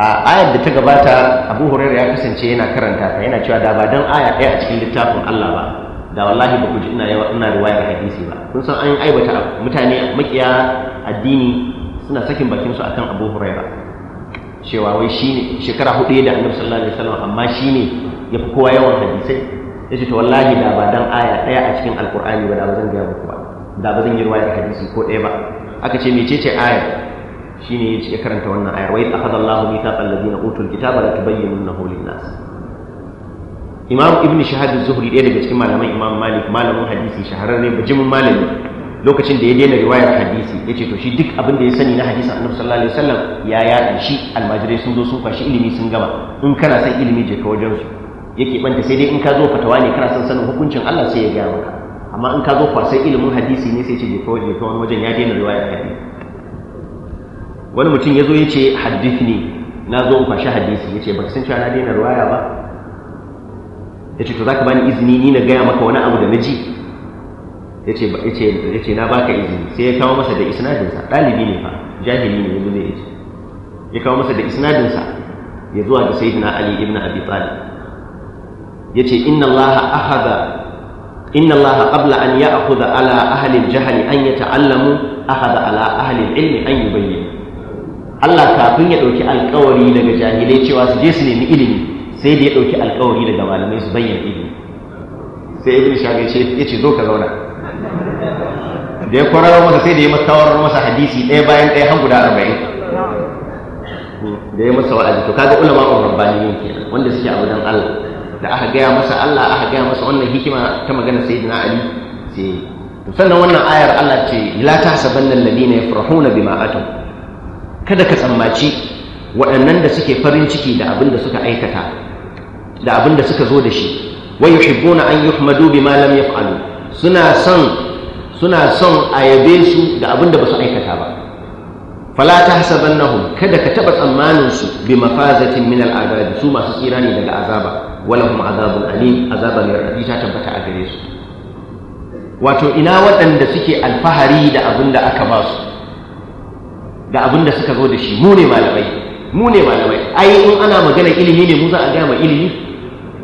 ayar da ta gabata abu hurairu ya kasance yana karanta ta yana cewa da ba don aya ɗaya a cikin littafin allah ba da wallahi ba ku ji ina yawa ina riwayar hadisi ba kun san an aibata mutane makiya addini suna sakin bakin su akan Abu Huraira cewa wai shine shekara hudu da Annabi sallallahu alaihi wasallam amma shine yafi kowa yawan hadisai yace to wallahi da ba dan aya daya a cikin alqur'ani ba da ba zan ga ku ba da ba zan yi riwayar hadisi ko daya ba aka ce mecece aya shine ya karanta wannan ayar wa idh akhadha Allahu mithaqa alladhina utul kitaba latubayyinunnahu lin-nas
imam ibn shahab zuhri ɗaya daga cikin malaman imam malik malamin hadisi shahararre bijimin malami lokacin da ya daina riwayar hadisi
ya ce to shi duk abin da ya sani na hadisin annabi sallallahu alaihi wasallam ya yada shi almajirai sun zo sun kwashi ilimi sun gama in kana son ilimi je ka wajen su yake banta sai dai in ka zo fatawa ne kana son sanin hukuncin Allah sai ya gaya maka amma in ka zo kwasan ilimin hadisi ne sai ce je ka wajen wani wajen ya daina riwayar hadisi wani mutum ya zo ya ce ne, na zo in kwashi hadisi ya ce baka san cewa na daina riwaya ba ya ce to za ka bani izini ni na gaya maka wani abu da na ji ya ce na baka izini sai ya kawo masa da isnadinsa ɗalibi ne fa jahili ne yanzu zai ce ya kawo masa da isnadinsa ya zuwa da sayyidina ali ibn abi talib ya ce inna allah ahada inna allah qabla an ya'khudha ala ahli al-jahl an yata'allamu ahada ala ahli al-ilm an yubayyin Allah kafin ya dauki alƙawari daga jahilai cewa su je su nemi ilimi sai da ya ɗauki alkawari daga malamai su bayyana ilimi sai ibn shafi ce ya ce zo ka zauna da ya kwararwa masa sai da ya masa masa hadisi ɗaya bayan ɗaya har guda arba'in da ya masa wa'azi to kaga ulama rabbani yin ke wanda suke abu don Allah da aka gaya masa Allah aka gaya masa wannan hikima ta magana sayyidina Ali sai to sannan wannan ayar Allah ce la tahsabanna alladhina yafrahuna bima atum kada ka tsammaci waɗannan da suke farin ciki da abin da suka aikata da abin da suka zo da shi wa yuhibbuna an yuhmadu bima lam yaf'alu suna son suna son a yabe su da abin da basu aikata ba fala tahsabannahum kada ka taba tsammanin su bi mafazatin min al'adabi su masu tsira ne daga azaba walahum azabun alim azaban ne ta tabbata a gare su wato ina waɗanda suke alfahari da abin da aka ba su da abin da suka zo da shi mu ne malamai mu ne malamai ai in ana magana ilimi ne mu za a gaya ma ilimi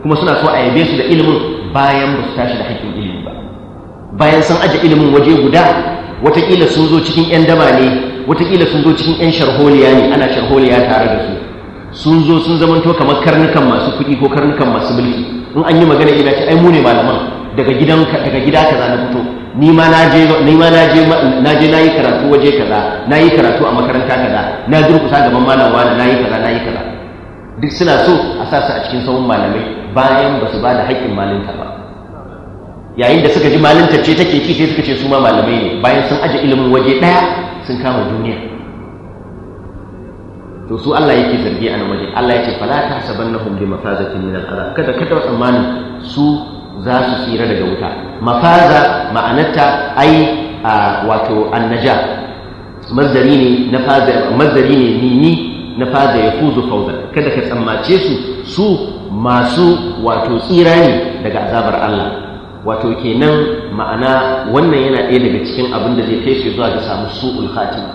kuma suna so a yabe su da ilimin bayan ba su tashi da haƙƙin ilimin ba bayan sun aje ilimin waje guda watakila sun zo cikin 'yan daba ne watakila sun zo cikin 'yan sharholiya ne ana sharholiya tare da su sun zo sun zamanto kamar karnukan masu kuɗi ko karnukan masu mulki in an yi magana ina ce ai mu ne malaman daga gidan daga gida kaza na fito ni ma na je ni ma na je na je nayi karatu waje kaza nayi karatu a makaranta kaza na durkusa gaban malamwa wani nayi kaza nayi kaza duk suna so a sa su a cikin sauran malamai bayan ba su ba da haƙƙin malinta ba yayin da suka ji malinta ce take ci sai suka ce su ma malamai ne bayan sun aje ilimin waje ɗaya sun kama duniya to su Allah yake zargi a nan waje Allah ya ce fala ta sabannahum bi mafazatin min al-azab kada kada tsammanin su za su tsira daga wuta mafaza ma'anarta ai wato annaja mazari ne na faza mazdari ne ni na faza ya fuzu fauza kada ka tsammace su su masu wato tsira ne daga azabar Allah wato kenan ma'ana wannan yana ɗaya daga cikin abin da zai kai zuwa ga samu su'ul khatima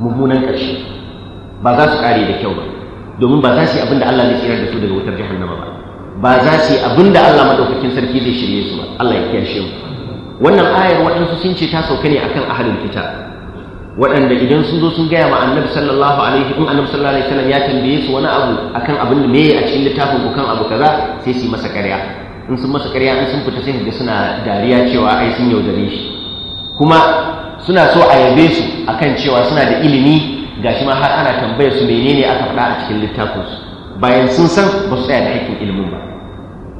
mummunan ƙarshe ba za su ƙare da kyau ba domin ba za su yi abin da Allah zai tsira da su daga wutar jahannama ba ba za su yi abin da Allah madaukakin sarki zai shirye su ba Allah ya kiyashe mu wannan ayar waɗansu sun ce ta sauka ne akan ahlul kitab waɗanda idan sun zo sun gaya ma annabi sallallahu alaihi in annabi sallallahu alaihi wasallam ya tambaye su wani abu akan abin da meye a cikin littafin ku kan abu kaza sai su yi masa ƙarya in sun masa ƙarya in sun fita sai ga suna dariya cewa ai sun yaudare shi kuma suna so a yabe su akan cewa suna da ilimi ga shi ma har ana tambayar su menene aka faɗa a cikin littafin su bayan sun san ba su tsaya da hakkin ilimin ba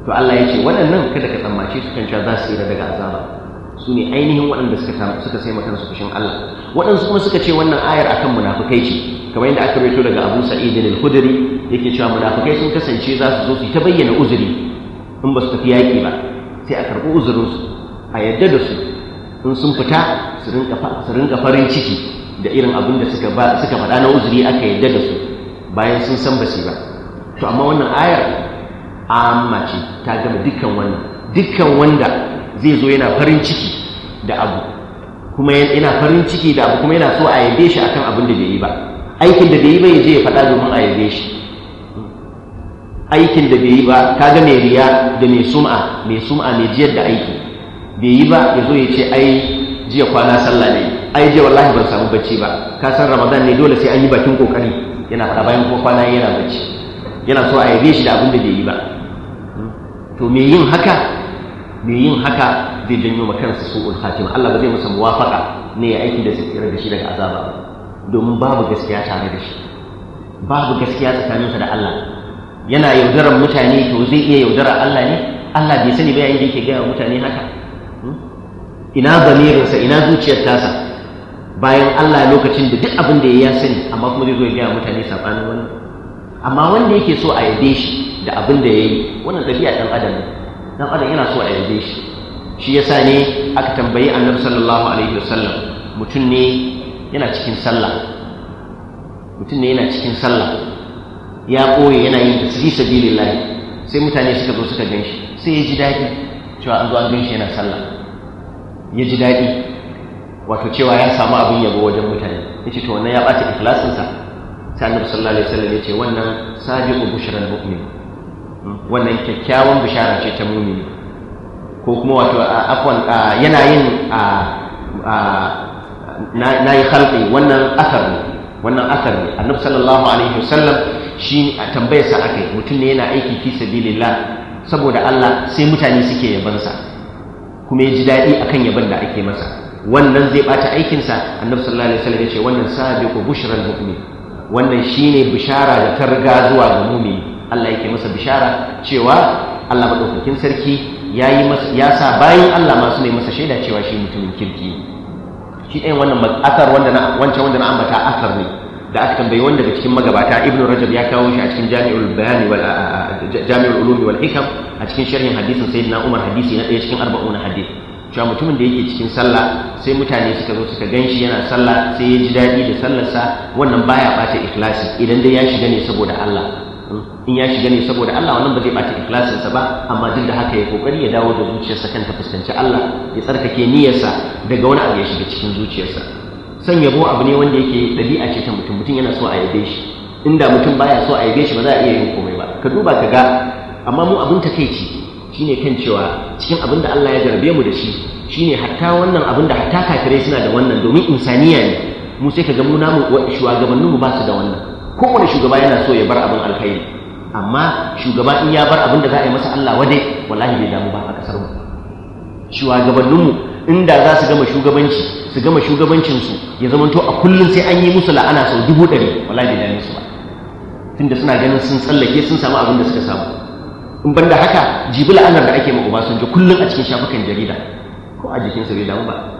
to Allah ya ce waɗannan kada ka tsammace su kan cewa za su yi daga azaba su ne ainihin waɗanda suka sai makansu fushin Allah waɗansu kuma suka ce wannan ayar akan munafukai ce kamar yadda aka reto daga Abu Sa'id da khudri yake cewa munafukai sun kasance za su zo su ta bayyana uzuri in ba su tafi yaƙi ba sai a karɓi uzurinsu a yadda da su in sun fita su rinka farin ciki da irin abin da suka faɗa na uzuri aka yadda da su bayan sun san basi ba to amma wannan ayar amma ce ta gama dukkan dukkan wanda zai zo yana farin ciki da abu kuma yana farin ciki da abu kuma yana so a yabe shi akan abin da bai yi ba aikin da bai yi ba ya je ya faɗa domin a yabe shi aikin da bai yi ba kaga mai riya da mai sum'a mai sum'a mai jiyar da aiki bai yi ba ya zo ya ce ai jiya kwana sallah ne ai jiya wallahi ban samu bacci ba ka san ramadan ne dole sai an yi bakin kokari yana faɗa bayan kuma kwana yana bacci yana so a yabe shi da abin da bai yi ba to me yin haka mai yin haka zai janyo ma kansa su'ul khatima Allah ba zai masa muwafaka ne ya aiki da sirri da shi daga azaba domin babu gaskiya tare da shi babu gaskiya tsakaninsa da Allah yana yaudarar mutane to zai iya yaudarar Allah ne Allah bai sani ba yayin da yake gaya mutane haka hmm? ina sa ina zuciyar tasa bayan Allah lokacin da duk abin da ya sani amma kuma zai zo ya gaya mutane sabanin wannan amma wanda yake so a yabe shi da abin da ya yi wannan ɗabi'a ɗan adam ne dan adam yana so a yarda shi shi yasa ne aka tambayi annabi sallallahu alaihi wasallam mutum ne yana cikin sallah mutum ne yana cikin sallah ya koye yana yin tasiri sabilillah sai mutane suka zo suka gan shi sai ya ji daɗi cewa an zo an gan shi yana sallah ya ji daɗi wato cewa ya samu abin yabo wajen mutane ya ce to wannan ya ɓata ikhlasinsa sai annabi sallallahu alaihi wasallam yace ce wannan sabiqu bushran mu'min wannan kyakkyawan bishara ce ta mumini ko kuma wato afwan yana yin na yi halɓe wannan asar ne wannan asar ne annabi sallallahu alaihi wasallam shi a tambayar sa yi mutum ne yana aiki fi sabilillah saboda Allah sai mutane suke yabansa kuma ya ji daɗi akan yaban da ake masa wannan zai bata aikinsa annabi sallallahu alaihi wasallam ya ce wannan sabiqu bushral mu'min wannan shine bishara da ta zuwa ga mu'mini Allah yake masa bishara cewa Allah madaukakin sarki ya sa bayan Allah masu ne masa shaida cewa shi mutumin kirki shi ɗayan wannan akar wanda na wancan wanda na ambata akar ne da aka tambayi wanda daga cikin magabata ibnu rajab ya kawo shi a cikin jami'ul bayani wal jami'ul ulumi wal a cikin sharhin hadisin sayyidina umar hadisi na ɗaya cikin na hadis cewa mutumin da yake cikin sallah sai mutane suka zo suka gan shi yana sallah sai ya ji daɗi da sallarsa wannan baya ɓata ikhlasi idan dai ya shiga ne saboda Allah in ya shiga ne saboda Allah wannan ba zai bata ikhlasinsa ba amma duk da haka ya kokari ya dawo da zuciyarsa kan ta fuskanci Allah ya tsarkake niyyarsa daga wani abu ya shiga cikin zuciyarsa san yabo abu ne wanda yake dabi'a ce ta mutum mutum yana so a yabe shi inda mutum baya so a yabe shi ba za a iya yin komai ba ka duba ka ga amma mu abin takeici shine kan cewa cikin abin da Allah ya jarabe mu da shi shine hatta wannan abin da hatta kafirai suna da wannan domin insaniya ne mu sai ka ga mu namu shugabanninmu ba su da wannan kowane shugaba yana so ya bar abin alkhairi amma shugaba in ya bar abin da za a yi masa Allah wade wallahi bai damu ba a kasar mu shugabanninmu inda za su gama shugabanci su gama shugabancin su ya zamanto a kullun sai an yi musu la'ana sau dubu ɗari wallahi bai damu su ba tunda suna ganin sun tsallake sun samu abin da suka samu in banda haka jibi la'anar da ake ma ji kullum a cikin shafukan jarida ko a jikinsa bai damu ba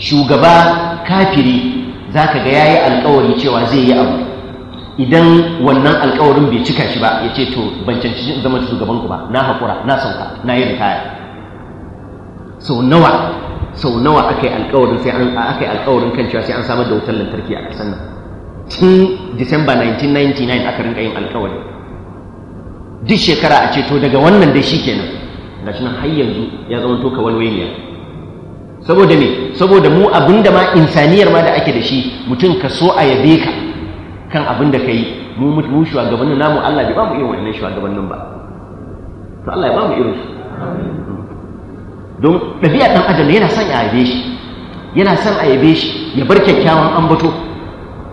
shugaba kafiri za ka ga ya yi alkawari cewa zai yi abu idan wannan alkawarin bai cika shi ba ya ce to ban cancanci in zama shugaban ku ba na haƙura na sauka na yi ritaya sau nawa sau nawa aka yi alkawarin sai an aka yi alkawarin kan cewa sai an samar da wutar lantarki a ƙasar nan tun disamba 1999 aka rinka yin alkawari duk shekara a ce to daga wannan da shi kenan gashi nan har yanzu ya zama to kawalwainiya saboda me saboda mu abinda ma insaniyar ma da ake da shi mutum ka so a yabe ka kan abinda ka yi mu mu shugabannin namu Allah bai ba mu irin wannan shugabannin ba to Allah ya ba mu irin su don dabi'a ɗan adam yana son a yabe shi yana son a yabe shi ya bar kyakkyawan ambato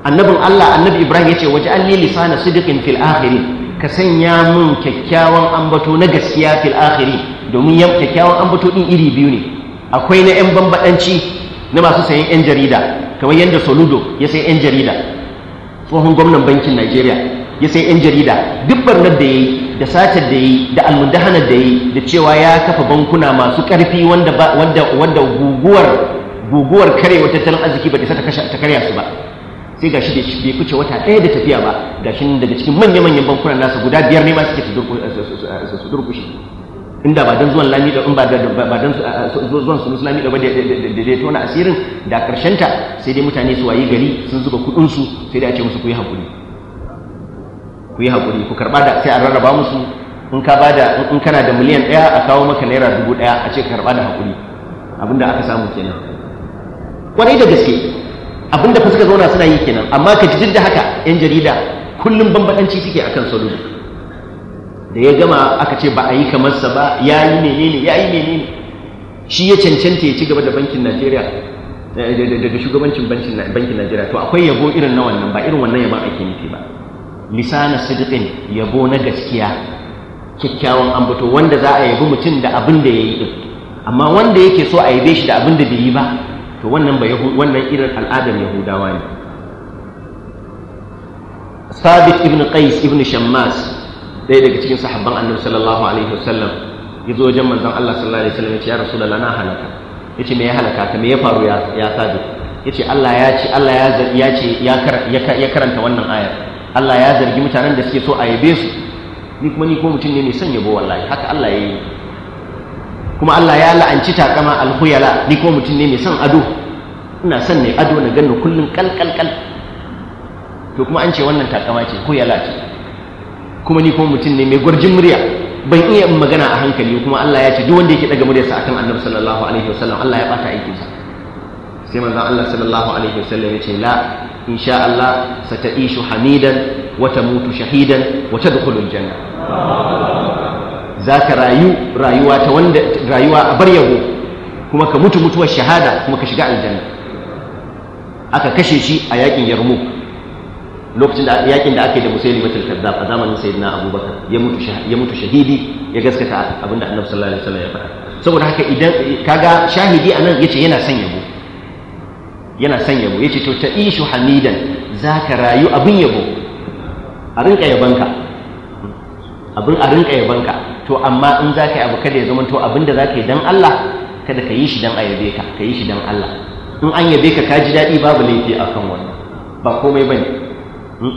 annabin Allah annabi Ibrahim yace waje an lisana sidiqin fil akhirin ka sanya mun kyakkyawan ambato na gaskiya fil akhirin domin yan kyakkyawan ambato din iri biyu ne akwai na 'yan bambadanci na masu sayan 'yan jarida kamar yadda soludo ya sai 'yan jarida tsohon gwamnan bankin najeriya ya sai 'yan jarida duk barnar da ya yi da satar da ya yi da almundahanar da ya yi da cewa ya kafa bankuna masu ƙarfi wanda guguwar guguwar karewa tattalin arziki ba ta ta karya su ba sai gashi da bai kuce wata ɗaya da tafiya ba gashi daga cikin manya-manyan bankunan nasu, guda biyar ne ma suke su durkushe inda ba don zuwan lami da ba don zuwan su lamiɗa da ba da zai tona asirin da ta sai dai mutane su wayi gari sun zuba kudinsu sai dai a ce musu ku yi haƙuri ku yi haƙuri ku karɓa da sai a rarraba musu in ka ba da in kana da miliyan ɗaya a kawo maka naira dubu ɗaya a ce ka karɓa da haƙuri abinda aka samu kenan kwarai da gaske abinda fuska suka zauna suna yi kenan amma ka ji da haka yan jarida kullum bambaɗanci suke akan solution da ya gama aka ce ba a yi kamar sa ba ya yi menene ya yi menene shi ya cancanta ya ci gaba da bankin Najeriya eh, daga shugabancin bankin Najeriya to akwai yabo irin na wannan ba irin wannan yaban ake nufi ba lisana Sidiqin, yabo na gaskiya kyakkyawan ambato wanda za a yabi mutum da abin da ya yi din amma wanda yake so a yabe shi da abin da bai yi ba to wannan ba wannan irin al'adar yahudawa ne sabit ibn qais ibn shammas ɗaya daga cikin sahabban annabi sallallahu alaihi wasallam ya zo wajen manzon Allah sallallahu alaihi wasallam ya ce ya rasulullah na halaka ya ce me ya halaka ka me ya faru ya sadu ya ce Allah ya ce Allah ya ce ya karanta wannan ayar Allah ya zargi mutanen da suke so a yabe su ni kuma ni ko mutum ne mai son yabo wallahi haka Allah ya yi kuma Allah ya la'anci takama alhuyala ni ko mutum ne mai son ado ina son ne ado na ganna kullum kalkalkal to kuma an ce wannan takama ce huyala ce kuma ni kuma mutum ne mai gwarjin murya ban iya in magana a hankali kuma Allah ya ce duk wanda yake daga muryarsa akan annabi sallallahu alaihi wasallam Allah ya bata aikinsa sai manzon Allah sallallahu alaihi wasallam ya ce la insha Allah sataishu hamidan wa tamutu shahidan wa tadkhulul janna zaka rayu rayuwa ta wanda rayuwa a bar yabo kuma ka mutu mutuwar shahada kuma ka shiga aljanna aka kashe shi a yakin yarmouk lokacin da yakin da ake da musaili mutul kazzab a zamanin sayyidina abubakar ya mutu ya mutu shahidi ya gaskata abinda annabi sallallahu alaihi wasallam ya faɗa saboda haka idan kaga shahidi anan yace yana son yabo yana son yabo yace to ta ishu hamidan zaka rayu abin yabo a rinka yabanka abin a rinka yabanka to amma in zaka yi abu kada ya zama to abinda zaka yi dan Allah kada ka yi shi dan ayyabe ka ka yi shi dan Allah in an yabe ka ka ji daɗi babu laifi akan wannan ba komai bane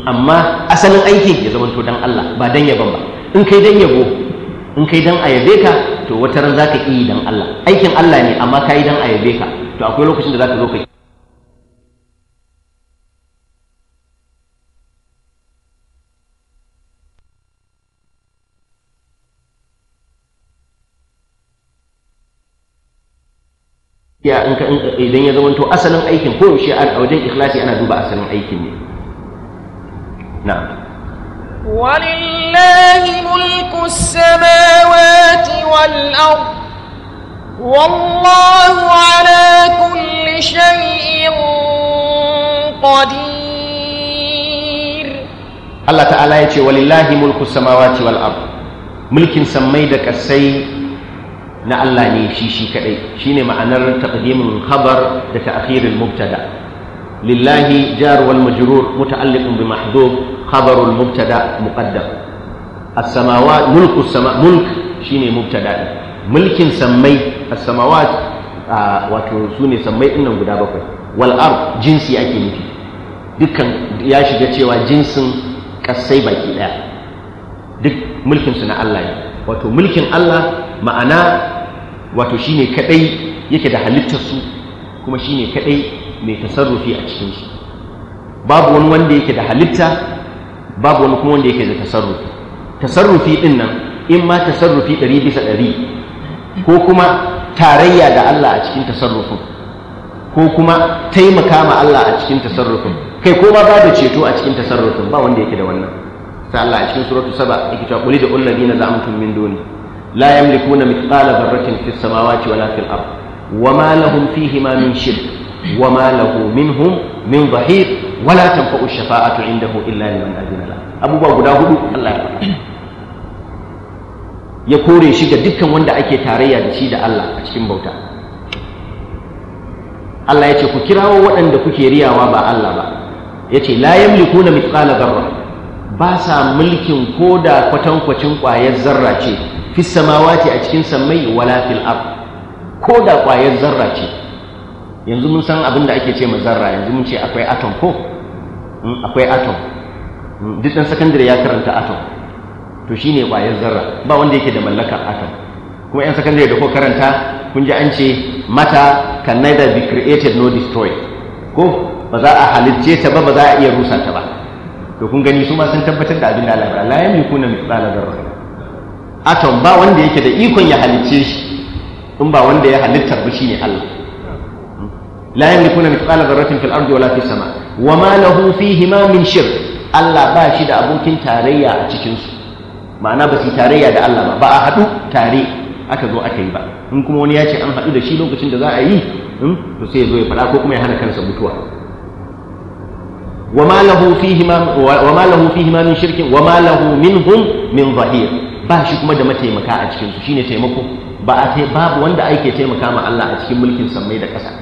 amma asalin aikin ya zama to dan Allah ba dan yabon ba in kai dan yabo in kai dan ayabe ka to wata ran zaka yi dan Allah aikin Allah ne amma kai dan ayabe ka to akwai lokacin da zaka zo kai ya in idan ya zama to asalin aikin ko yaushe a wajen ikhlasi ana duba asalin aikin ne نعم
ولله ملك السماوات والأرض والله على كل شيء قدير
الله تعالى يقول ولله ملك السماوات والأرض ملك سميدك السيء na Allah ne شي معنى تقديم الخبر لتأخير المبتدأ lillahi jar wal majrur muta'alliqun bi mahdhuf khabaru al mubtada mulku sama mulk shine mubtada mulkin sammai as wato sune sammai dinnan guda bakwai wal ard jinsi ake nufi dukkan ya shiga cewa jinsin kasai baki daya duk mulkin su na Allah ne wato mulkin Allah ma'ana wato shine kadai yake da halittar su kuma shine kadai mai tasarrufi a cikin shi babu wani wanda yake da halitta babu wani kuma wanda yake da tasarrufi tasarrufi din nan in ma tasarrufi ɗari bisa ɗari ko kuma tarayya da Allah a cikin tasarrufin ko kuma taimaka ma Allah a cikin tasarrufin kai ko ma ba da ceto a cikin tasarrufin ba wanda yake da wannan sai Allah a cikin suratu saba yake cewa qul da ulladina za'amtum min duni la yamlikuna mithqala dharratin fis samawati wala fil ard wama lahum fihi ma min shirk wa ma lahu minhum min zahir wala tanfa'u shafa'atu indahu illa liman adina la abubuwa guda hudu Allah ya kore shi ga dukkan wanda ake tarayya da shi da Allah a cikin bauta Allah ya ce ku kirawo waɗanda kuke riyawa ba Allah ba ya ce la na mithqala dharra ba sa mulkin ko da kwatankwacin ƙwayar zarra ce fi samawati a cikin sammai wala fil ard ko da ƙwayar zarra ce yanzu mun san abin da ake ce zarra yanzu mun ce akwai atom ko hmm, akwai atom hmm, duk ɗan sakandare ya karanta atom to shi ne ƙwayar zarra ba wanda yake da mallakar atom kuma 'yan sakandare da ko karanta kun ji an ce mata can neither be created nor destroyed ko ba za a halicce ta ba ba za a iya rusa ta ba to kun gani su ma sun tabbatar da abin da Allah la yamliku na mithqala zarra atom ba wanda yake da ikon ya halicce shi in ba wanda ya halittar ba shine Allah la yamlikuna mithqala dharratin fil ardi wala fis sama wama lahu fihima min shirk Allah ba shi da abokin tarayya a cikinsu ma'ana ba su tarayya da Allah ba ba a haɗu tare aka zo aka yi ba in kuma wani ya ce an haɗu da shi lokacin da za a yi to sai ya zo ya faɗa ko kuma ya hana kansa mutuwa wama lahu fihi ma min shirkin wama lahu minhum min zahir ba shi kuma da mataimaka a cikin su shine taimako ba a babu wanda ake taimaka ma Allah a cikin mulkin sammai da ƙasa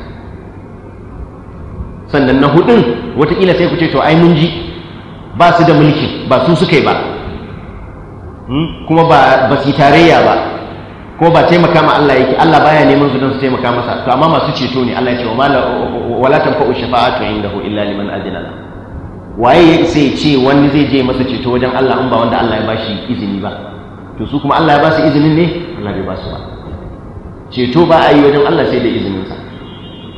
sannan na hudun watakila sai ku ce to ai mun ji ba su da mulki ba su suka yi ba hmm? kuma ba su tarayya ba ko ba taimaka ma Allah yake Allah baya neman su don su taimaka masa to amma masu ceto ne Allah ya ce wa mala wala tanfa'u shafa'atu indahu illa liman adina la waye sai ce wani zai je masa ceto wajen Allah in ba wanda Allah ya bashi izini ba to su kuma Allah ya ba su izinin ne Allah bai ba su ba ceto ba a yi wajen Allah sai da izinin sa.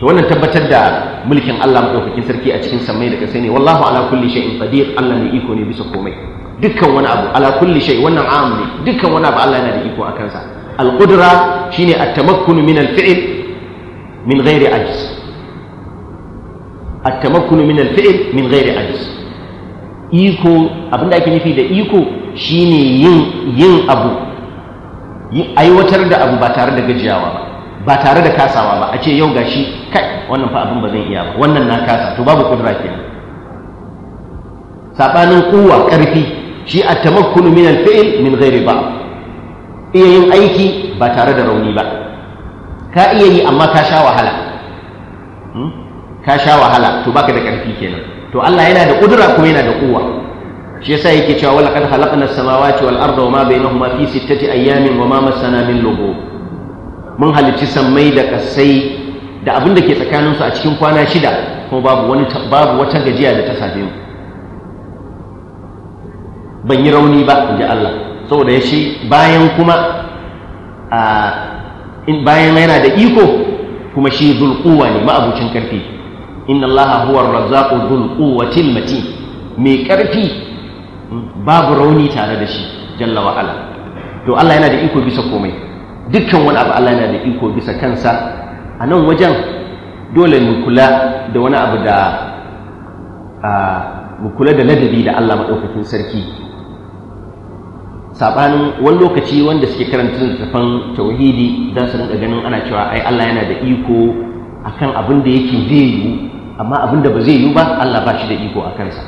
to wannan tabbatar da mulkin Allah madaukakin sarki a cikin samai da kasai ne wallahu ala kulli shay'in qadir Allah ne iko ne bisa komai dukkan wani abu ala kulli shay wannan am ne dukkan wani abu Allah yana da iko akan sa al qudra shine at tamakkun min al fi'l min ghairi ajz at tamakkun min al fi'l min ghairi ajz iko abinda ake nufi da iko shine yin yin abu yi aiwatar da abu ba tare da gajiyawa ba ba tare da kasawa ba a ce yau ga shi kai wannan fa abin ba zan iya ba wannan na kasa to babu kudura kenan Saɓanin kuwa ƙarfi shi a tamakkun min al-fi'l min ghairi ba iya yin aiki ba tare da rauni ba ka iya yi amma ka sha wahala hmm? ka sha wahala to baka da ƙarfi kenan to Allah yana da kudura kuma yana da kuwa shi yasa yake cewa walaqad khalaqna as-samawati wal arda wa ma bainahuma fi sittati ayamin wa ma massana min lughub mun halicci sammai da kasai da abin da ke tsakaninsu a cikin kwana shida kuma babu wani babu wata gajiya da ta same mu ban yi rauni ba inji Allah saboda ya shi bayan kuma a in bayan yana da iko kuma shi zulquwa ne ma'abucin karfi inna Allah huwa ar-razzaqu dhul quwwatil matin mai karfi babu rauni tare da shi jalla wa ala to Allah yana da iko bisa komai dukkan wani abu Allah yana da iko bisa kansa a nan wajen dole mu kula da wani abu da mu kula da ladabi da Allah maɗaukakin sarki saɓanin wani lokaci wanda suke karanta littattafan tauhidi don su rinka ganin ana cewa ai Allah yana da iko akan abin da yake zai yiwu amma abin da ba zai yiwu ba Allah ba shi da iko a kansa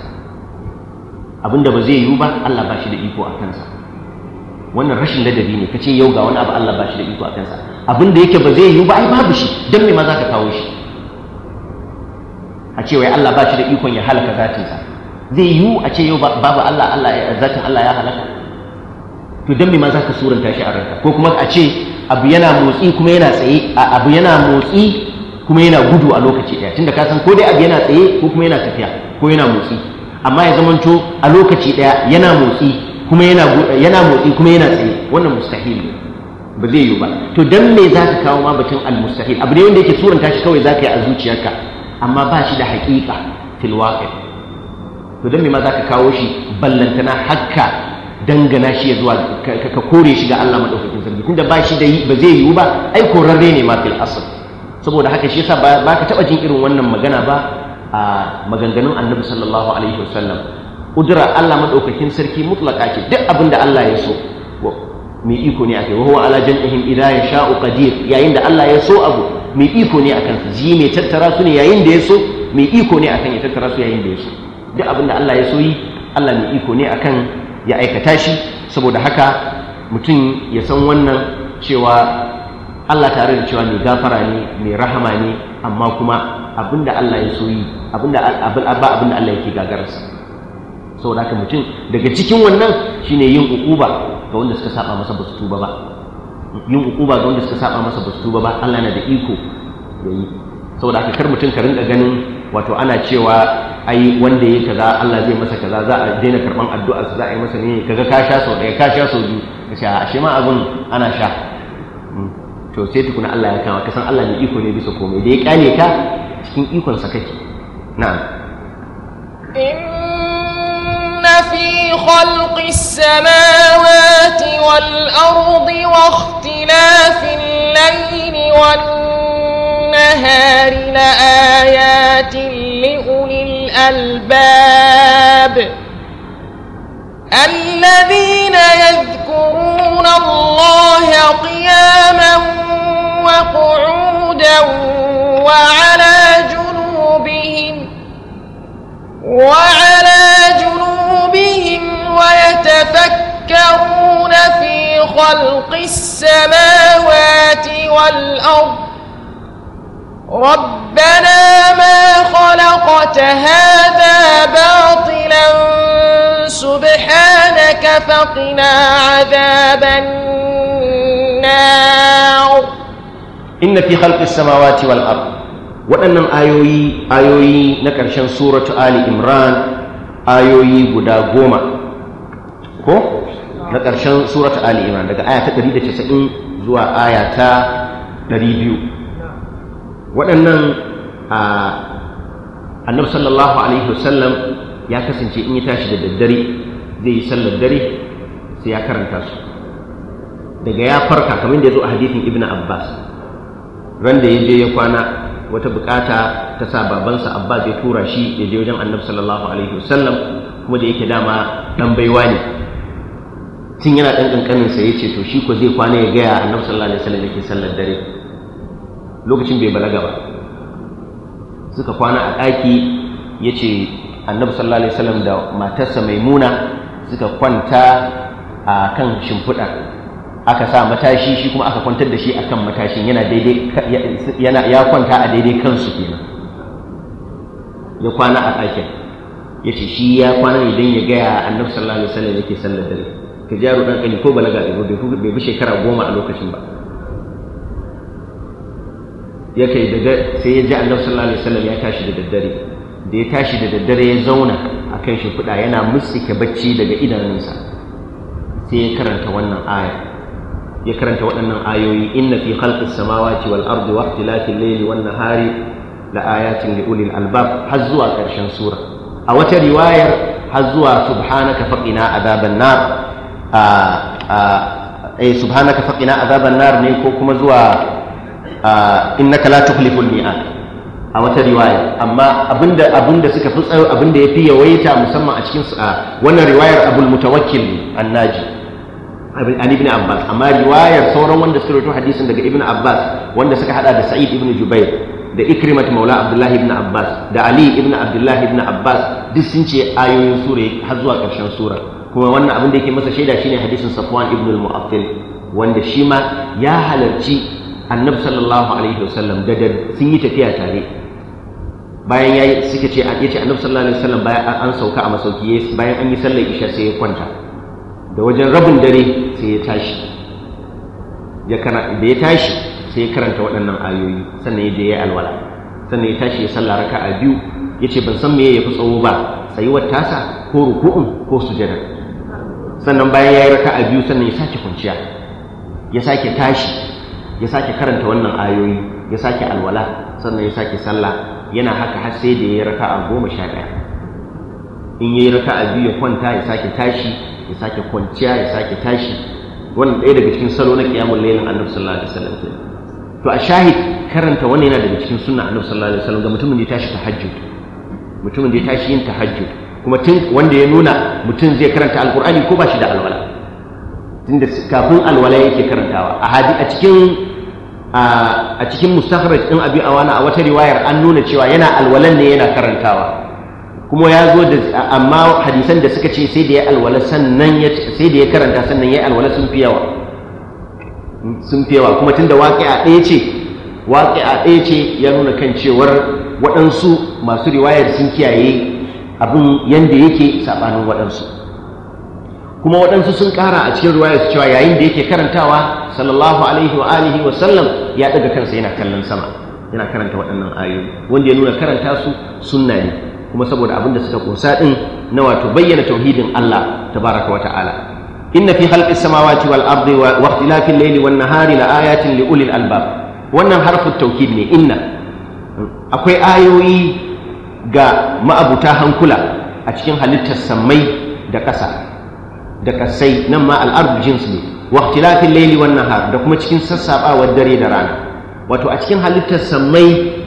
abin da ba zai yiwu ba Allah ba shi da iko a kansa wannan rashin ladabi ne kace yau ga wani abu Allah ba shi da iko a kansa abin da yake ba zai yi ba ai babu shi dan me ma zaka kawo shi a ce wai Allah ba shi da ikon ya halaka zatinsa zai yi a ce yau babu Allah Allah zatin Allah ya halaka to dan me ma zaka suranta shi a ranka ko kuma a ce abu yana motsi kuma yana tsaye abu yana motsi kuma yana gudu a lokaci daya tunda ka san ko dai abu yana tsaye ko kuma yana tafiya ko yana motsi amma ya zamanto a lokaci daya yana motsi kuma yana yana motsi kuma yana tsaye wannan mustahil ne ba zai yiwu ba to dan me za ka kawo ma batun al-mustahil abu ne wanda yake suranta shi kawai za ka yi a zuciyarka amma ba shi da haƙiƙa fil waqi to dan me ma za ka kawo shi ballantana hakka dangana shi ya zuwa ka kore shi ga Allah madaukakin sarki tunda ba shi da ba zai yiwu ba ai korarre ne ma fil asl saboda haka shi yasa ba ka taba jin irin wannan magana ba a maganganun annabi sallallahu alaihi wasallam ƙudura Allah maɗaukakin sarki mutlaka ce duk abin da Allah ya so mai iko ne a wa huwa ala jam'ihim ya yasha'u ƙadir yayin da Allah ya so abu mai iko ne a su ji mai tattara su ne yayin da ya so mai iko ne a kan ya tattara su yayin da ya so duk abin da Allah ya so yi Allah mai iko ne akan ya aikata shi saboda haka mutum ya san wannan cewa Allah tare da cewa mai gafara ne mai rahama ne amma kuma abinda Allah ya so yi abinda ba abinda Allah yake gagararsa saboda haka mutum daga cikin wannan shine yin ukuba ga wanda suka saba masa su tuba ba yin ukuba ga wanda suka saba masa su tuba ba Allah yana da iko ya yi saboda haka kar mutum ka rinka ganin wato ana cewa ai wanda ya kaza Allah zai masa kaza za a daina karban addu'ar za a yi masa ne kaga ka sha sau ɗaya ka sha sau biyu ka sha ashe ma abun ana sha hmm. to sai tukuna Allah ya kama kasan Allah ne iko ne bisa komai da ya kyale ka cikin ikon sa kake na'am
خلق السماوات والأرض واختلاف الليل والنهار لآيات لأولي الألباب الذين يذكرون الله قياما وقعودا وعلى جنوبهم وعلى جنوبهم ويتفكرون في خلق السماوات والأرض ربنا ما خلقت هذا باطلا سبحانك فقنا عذاب النار
إن في خلق السماوات والأرض waɗannan ayoyi ayoyi na ƙarshen suratu ali imran ayoyi guda goma ko na ƙarshen suratu ali imran daga aya ta 190 zuwa aya ta 200 waɗannan annabi sallallahu alaihi wasallam ya kasance in ya tashi da daddare zai yi sallar dare sai ya karanta su daga ya farka kamar da ya zo a hadithin ibn abbas
ran da ya je ya kwana
wata bukata ta sa babansa Abba ya tura shi ya je wajen Annabi sallallahu alaihi wasallam kuma da yake dama dan baiwa ne tun yana dan kankanin sa yace to shi ko zai kwana ya gaya Annabi sallallahu alaihi wasallam yake sallar dare lokacin bai balaga ba suka kwana a daki yace Annabi sallallahu alaihi wasallam da matarsa Maimuna suka kwanta a kan shimfiɗa aka sa matashi shi kuma aka kwantar da shi akan matashin yana daidai yana ya kwanta a daidai kansu kenan ya kwana a ɗakin ya ce shi ya kwana idan ya gaya annabi sallallahu alaihi wasallam yake sallar dare ka ji yaro ɗan ko balaga bai bi shekara goma a lokacin ba ya kai daga sai ya ji annabi sallallahu alaihi wasallam ya tashi da daddare da ya tashi da daddare ya zauna a kan shi shimfiɗa yana mutsike bacci daga idanunsa sai ya karanta wannan aya ya karanta waɗannan ayoyi inna fi khalqis samawati wal ardi wa ikhtilafil layli wan nahari la ayatin li ulil albab har zuwa ƙarshen sura a wata riwayar har zuwa subhanaka faqina azaban nar a a eh, subhanaka faqina azaban nar ne ko kuma zuwa innaka la tukhliful mi'ad a wata riwaya amma abinda abinda suka fi abinda yafi yawaita musamman a cikin wannan riwayar abul mutawakkil annaji an ibn abbas amma riwayar sauran wanda suka rawaito hadisin daga ibn abbas wanda suka hada da sa'id ibn jubair da ikrimat maula abdullahi ibn abbas da ali ibn abdullahi ibn abbas duk sun ce ayoyin sura har zuwa ƙarshen sura kuma wannan abin da yake masa shaida shine hadisin safwan ibn al-mu'attil wanda shi ma ya halarci annabi sallallahu alaihi wasallam da sun yi tafiya tare bayan yayi suka ce yace annabi sallallahu alaihi wasallam bayan an sauka a masauki bayan an yi sallar isha sai ya kwanta da wajen rabin dare sai ya tashi da ya tashi sai ya karanta waɗannan ayoyi sannan ya je ya alwala sannan ya tashi ya sallah raka a biyu ya ce ban san me ya fi tsawo ba tsayuwar tasa ko ruku'un ko sujada sannan bayan ya yi raka a biyu sannan ya sake kwanciya ya sake tashi ya sake karanta wannan ayoyi ya sake alwala sannan ya sake sallah yana haka har sai da ya yi raka a goma sha ɗaya in ya yi raka a biyu ya kwanta ya sake tashi ya sake kwanciya ya sake tashi wannan ɗaya daga cikin salo na kiyamun lailin annabi sallallahu alaihi wasallam to a shahid karanta wannan yana daga cikin sunna annabi sallallahu alaihi wasallam ga mutumin da ya tashi tahajjud mutumin da ya tashi yin tahajjud kuma tun wanda ya nuna mutum zai karanta alqur'ani ko ba shi da alwala tunda kafin alwala yake karantawa a hadi a cikin a cikin mustakhraj din abi awana a wata riwayar an nuna cewa yana alwalan ne yana karantawa kuma ya zo da amma hadisan da suka ce sai da ya alwala sannan ya sai da ya karanta sannan ya alwala sun fi yawa sun fi yawa kuma tunda waqi'a ɗaya ce waqi'a ɗaya ce ya nuna kan cewar waɗansu masu riwayar sun kiyaye abin yanda yake sabanin waɗansu kuma waɗansu sun ƙara a cikin riwayar su cewa yayin da yake karantawa sallallahu alaihi wa alihi wa sallam ya ɗaga kansa yana kallon sama yana karanta waɗannan ayoyi wanda ya nuna karanta su sunna ne kuma saboda abin da suka kosa din na wato bayyana tauhidin Allah tabaraka wa ta'ala inna fi khalqis samawati wal ardi wa ikhtilafil layli wan nahari la ayatin li ulil albab wannan harfin tauhid ne inna akwai ayoyi ga ma'abuta hankula a cikin halittar samai da ƙasa da ƙasai nan ma al'ardu jins ne wa ikhtilafil layli wan nahar da kuma cikin sassabawar dare da rana wato a cikin halittar sammai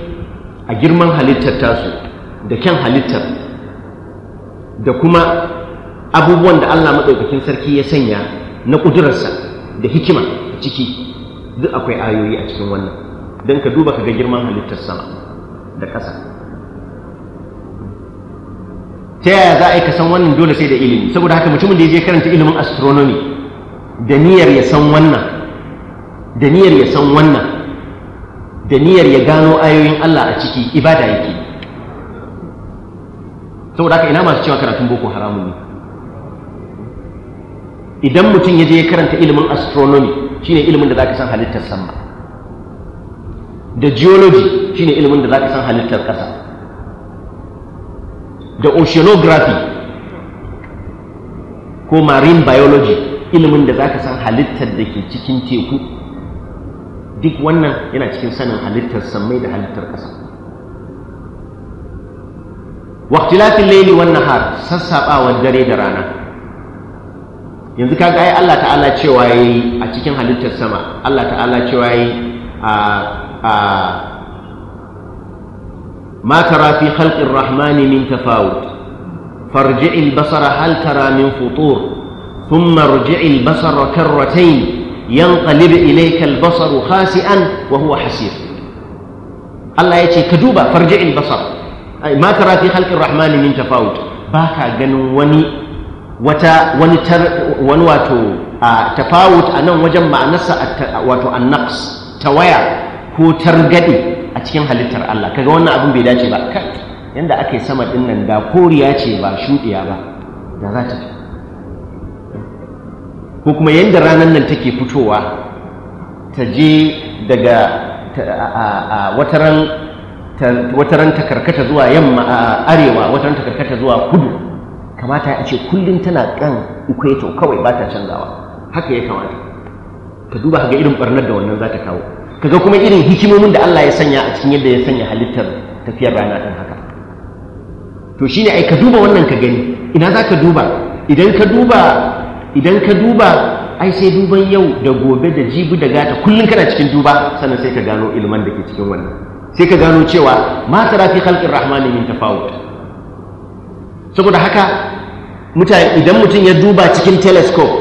a girman halittar tasu da kyan halittar da kuma abubuwan da Allah maɗaukakin sarki ya sanya na ƙudurarsa da hikima a ciki duk akwai ayoyi a cikin wannan don ka duba ka ga girman halittar sama da ƙasa ta yaya za a yi ka san wannan dole sai da ilimi saboda haka mutumin da ya je karanta ilimin astronomy da niyyar ya san wannan da niyyar ya san wannan da niyyar ya gano ayoyin Allah a ciki ibada yake saboda haka ina masu cewa karatun boko haramun ne idan mutum ya je ya karanta ilimin astronomy shine ilimin da zaka san halittar sama da geology shine ilimin da zaka san halittar ƙasa da oceanography ko marine biology ilimin da zaka san halittar da ke cikin teku duk wannan yana cikin sanin halittar sammai da halittar ƙasa waqtilafil layli wannan har sassabawan dare da rana yanzu kaga ai Allah ta'ala cewa yayi a cikin halittar sama Allah ta'ala cewa yayi a a ma fi khalqir rahmani min tafawut فارجع basar. هل ترى من فطور ثم ارجع البصر كرتين ينقلب إليك البصر خاسئا وهو حسير الله يتي كدوبة ma tara fi halqir rahmani min tafawut baka ganin wani wata wani tar wani wato tafawut a nan wajen ma'anarsa wato annaqs tawaya ko targade a cikin halittar Allah kaga wannan abin bai dace ba yanda ake sama din da koriya ce ba shuɗiya ba da za ta ko kuma yanda ranar nan take fitowa ta je daga wataran ran wata ran karkata zuwa yamma a arewa wata ran karkata zuwa kudu kamata a ce kullum tana kan ukweto kawai ba ta canzawa haka ya kamata ka duba ga irin barnar da wannan za ta kawo kaga kuma irin hikimomin da Allah ya sanya a cikin yadda ya sanya halittar tafiyar rana din haka to shine ai ka duba wannan ka gani ina za ka duba idan ka duba idan ka duba ai sai duban yau da gobe da jibi da gata kullum kana cikin duba sannan sai ka gano ilimin da ke cikin wannan sai ka gano cewa ma tara fi khalqir rahmani min tafawut saboda haka mutane idan mutum ya duba cikin telescope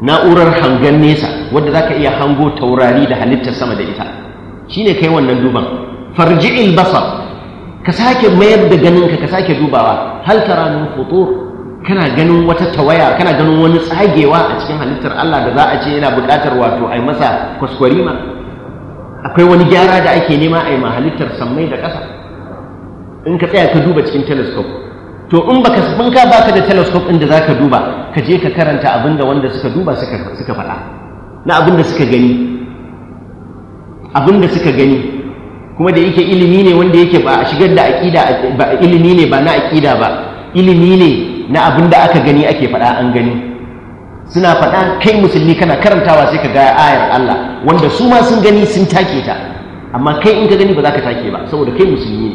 na'urar hangen nesa wadda za ka iya hango taurari da halittar sama da ita shi ne kai wannan duban farji'il basar ka sake mayar da ganinka ka sake dubawa halkara ranar hoto, kana ganin wata tawaya kana ganin wani tsagewa a cikin halittar Allah da za a ce yana buƙatar wato ai masa kwaskwarima akwai wani gyara da ake nema a yi mahalittar sammai da ƙasa in ka tsaya ka duba cikin telescope to in baka sabon ka baka da telescope ɗin da ka duba ka je ka karanta abin da wanda suka duba suka faɗa na abin da suka gani abin da suka gani kuma da yake ilimi ne wanda yake ba a shigar da aƙida ba ilimi ne ba na aƙida ba ilimi ne na abin da aka gani ake faɗa an gani suna faɗa kai musulmi kana karantawa sai ka gaya ayar Allah wanda su ma sun gani sun take ta amma kai in ka gani ba za ka take ba saboda kai musulmi ne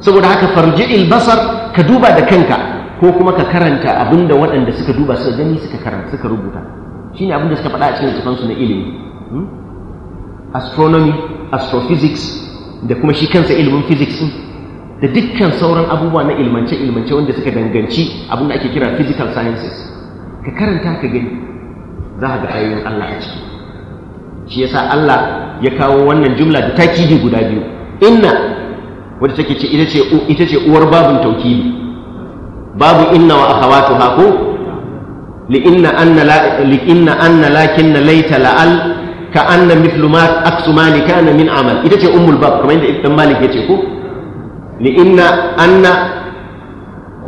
saboda haka farji basar ka duba da kanka ko kuma ka karanta abinda waɗanda suka duba suka gani suka karanta suka rubuta Shi ne abin da suka faɗa a cikin littafansu na ilimi hmm? astronomy astrophysics da kuma shi kansa ilimin physics din da dukkan sauran abubuwa na ilmance ilmance wanda suka danganci abin da ake kira physical sciences ka karanta ka gani za ka ga ayoyin Allah a ciki shi yasa Allah ya kawo wannan jumla da takidi guda biyu inna wadda take ce ita ce ita ce uwar babun tawkili babu inna wa akhawatuha ko li inna anna la li inna anna lakinna laita la'al ka anna mithlu ma aksu ma kana min amal ita ce ummul bab kamar yadda ibn malik yace ko li inna anna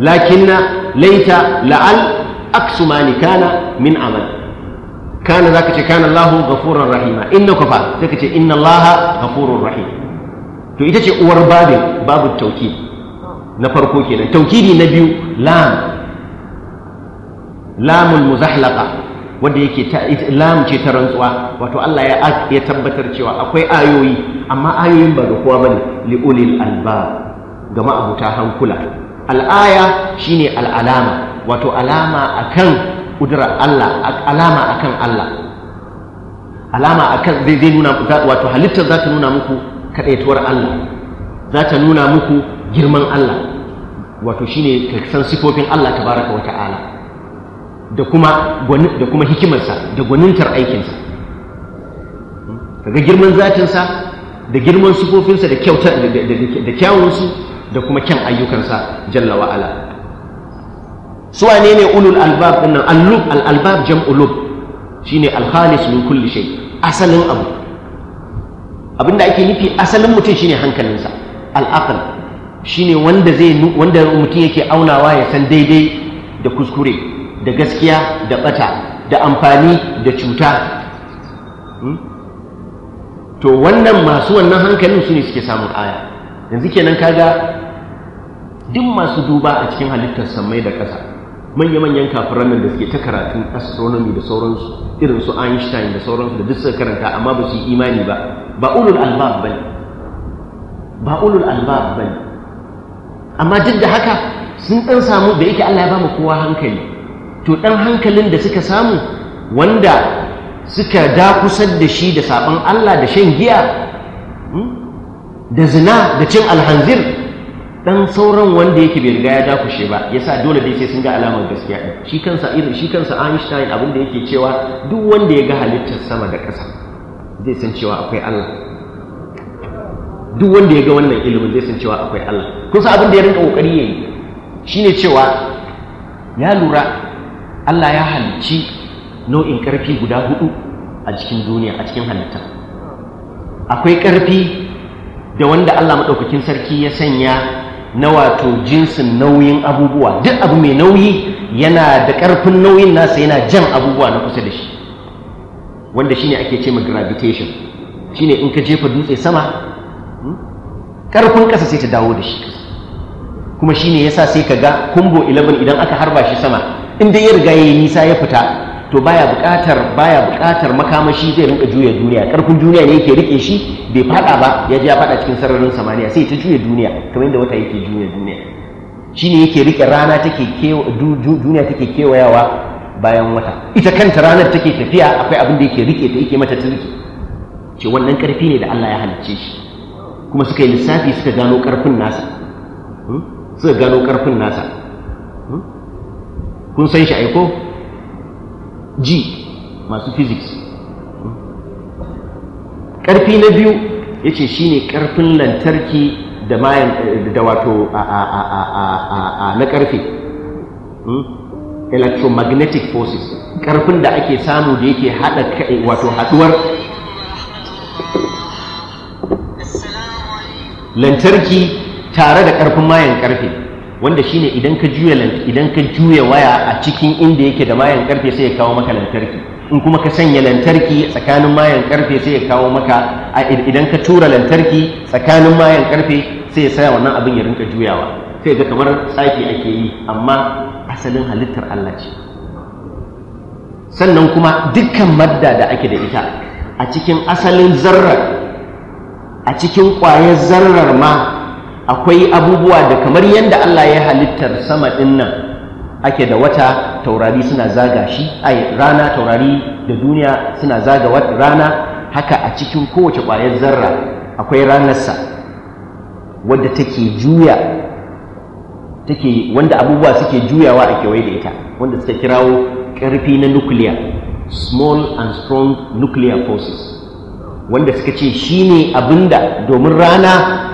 lakinna laita la'al aksu ma kana
min amal kana zaka ce kanalahu Allahu ghafurur rahima inna ka fa sai ka ce inna Allaha ghafurur to ita ce uwar babin babu tauki na farko kenan taukidi na biyu lam lamul muzahlaqa wanda yake lam ce ta rantsuwa wato Allah ya ya tabbatar cewa akwai ayoyi amma ayoyin ba ga kowa bane liulil albab ga ma'abuta hankula al'aya shine al'alama wato alama akan kudrar Allah alama akan Allah alama akan zai zai nuna wato halittar za ta nuna muku kadaituwar Allah za ta nuna muku girman Allah wato shine ka san sifofin Allah tabaraka wa ta'ala da kuma da kuma hikimarsa da gwanintar aikinsa kaga girman zatinsa da girman sifofinsa da kyawunsu da kuma kyan ayyukansa jalla Allah. su wane ne ulul albab dinnan, nan allub al albab jam'u lub shine ne alhalis min kulli shay asalin abu abinda ake nufi asalin mutum shine hankalinsa al aql shine wanda zai wanda mutum yake aunawa ya san daidai da kuskure da gaskiya da bata da amfani da cuta hmm? to wannan masu wannan hankalin su ne suke samun aya yanzu kenan kaga duk masu duba a cikin halittar samai da ƙasa manya-manyan kafiran nan da suke ta karatun astronomi da sauransu irin su Einstein da sauransu da duk suka karanta amma ba su yi imani ba ba ulul albab bane ba ulul albab bane amma duk da haka sun ɗan samu da yake Allah ya ba mu kowa hankali to ɗan hankalin da suka samu wanda suka da kusa da shi da sabon Allah da shan giya hmm, da zina da cin alhanzir dan sauran wanda yake bai riga ya dakushe ba yasa dole dai sai sun ga alamar gaskiya din shi kansa irin shi kansa Einstein abin da yake cewa duk wanda ya ga halittar sama da ƙasa zai san cewa akwai Allah duk wanda ya ga wannan ilimin zai san cewa akwai Allah kun sa abin da ya rinka kokari yayi shine cewa ya lura Allah ya halicci nau'in karfi guda hudu a cikin duniya a cikin halitta akwai karfi da wanda Allah madaukakin sarki ya sanya na wato jinsin nauyin abubuwa duk abu mai nauyi yana da ƙarfin nauyin nasa yana jan abubuwa na kusa da shi wanda shine ake ce ma gravitation shine in ka jefa dutse sama hmm, ƙarfin ƙasa sai ta dawo da shi kuma shine yasa sai ka ga kumbo 11 idan aka harba shi sama Inda dai ya riga ya yi nisa ya fita to baya buƙatar baya buƙatar makamashi zai rinka juya duniya ƙarfin duniya ne yake rike shi bai fada ba ya ji ya fada cikin sararin samaniya sai ta juya duniya kamar yadda wata yake juya duniya shine yake rike rana take duniya take kewayawa bayan wata ita kanta ranar take tafiya akwai abin da yake rike ta yake mata rike. ce wannan ƙarfi ne da Allah ya halicce shi kuma suka yi lissafi suka gano ƙarfin nasa hmm? suka gano ƙarfin nasa hmm? kun san shi aiko G, masu physics ƙarfi na biyu ya ce shi ne ƙarfin lantarki da mayan da wato a na ƙarfe hmm? electromagnetic forces ƙarfin da ake samu da yake haɗa wato haɗuwar lantarki tare da ƙarfin mayan ƙarfe wanda shine idan juya idan ka juya waya a cikin inda yake da mayan karfe sai ya kawo maka lantarki in kuma ka sanya lantarki tsakanin mayan karfe sai ya kawo maka idan ka tura lantarki tsakanin mayan karfe sai ya saya wannan abin ya rinka juyawa sai ga kamar tsaki ake yi amma asalin halittar Allah ce sannan kuma dukkan madda da ake da ita a cikin asalin zarrar a cikin ƙwayar zarrar ma akwai abubuwa da kamar yadda Allah ya halittar sama ɗin nan ake da wata taurari suna zaga shi ai rana taurari da duniya suna zaga rana haka a cikin kowace ƙwayar zarra akwai ranarsa wadda take juya take wanda abubuwa suke juyawa a kewaye da ita wanda suka kirawo ƙarfi na nuclear small and strong nuclear forces wanda suka ce shi shine abinda domin rana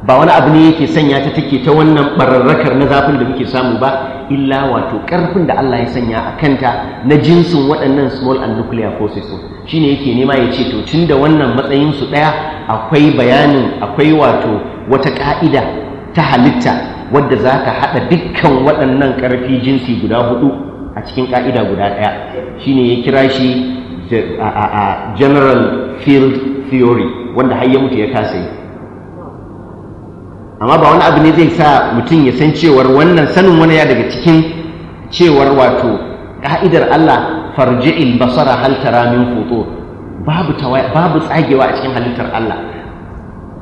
ba wani abu ne yake sanya ta take ta wannan bararrakar na zafin da muke samu ba illa wato karfin da Allah ya sanya a kanta na jinsin waɗannan small and nuclear forces shine yake nema ya ce to tunda wannan matsayin su ɗaya akwai bayanin akwai wato wata ka'ida ta halitta wadda za ka haɗa dukkan waɗannan ƙarfi jinsi guda hudu a cikin ka'ida guda ɗaya shine ya kira shi a general field theory wanda har ya mutu ya kasa yi amma ba wani abu ne zai sa mutum ya san cewar wannan sanin wani ya daga cikin cewar wato ka'idar Allah farji'il basara hal tara min babu tsagewa a cikin halittar Allah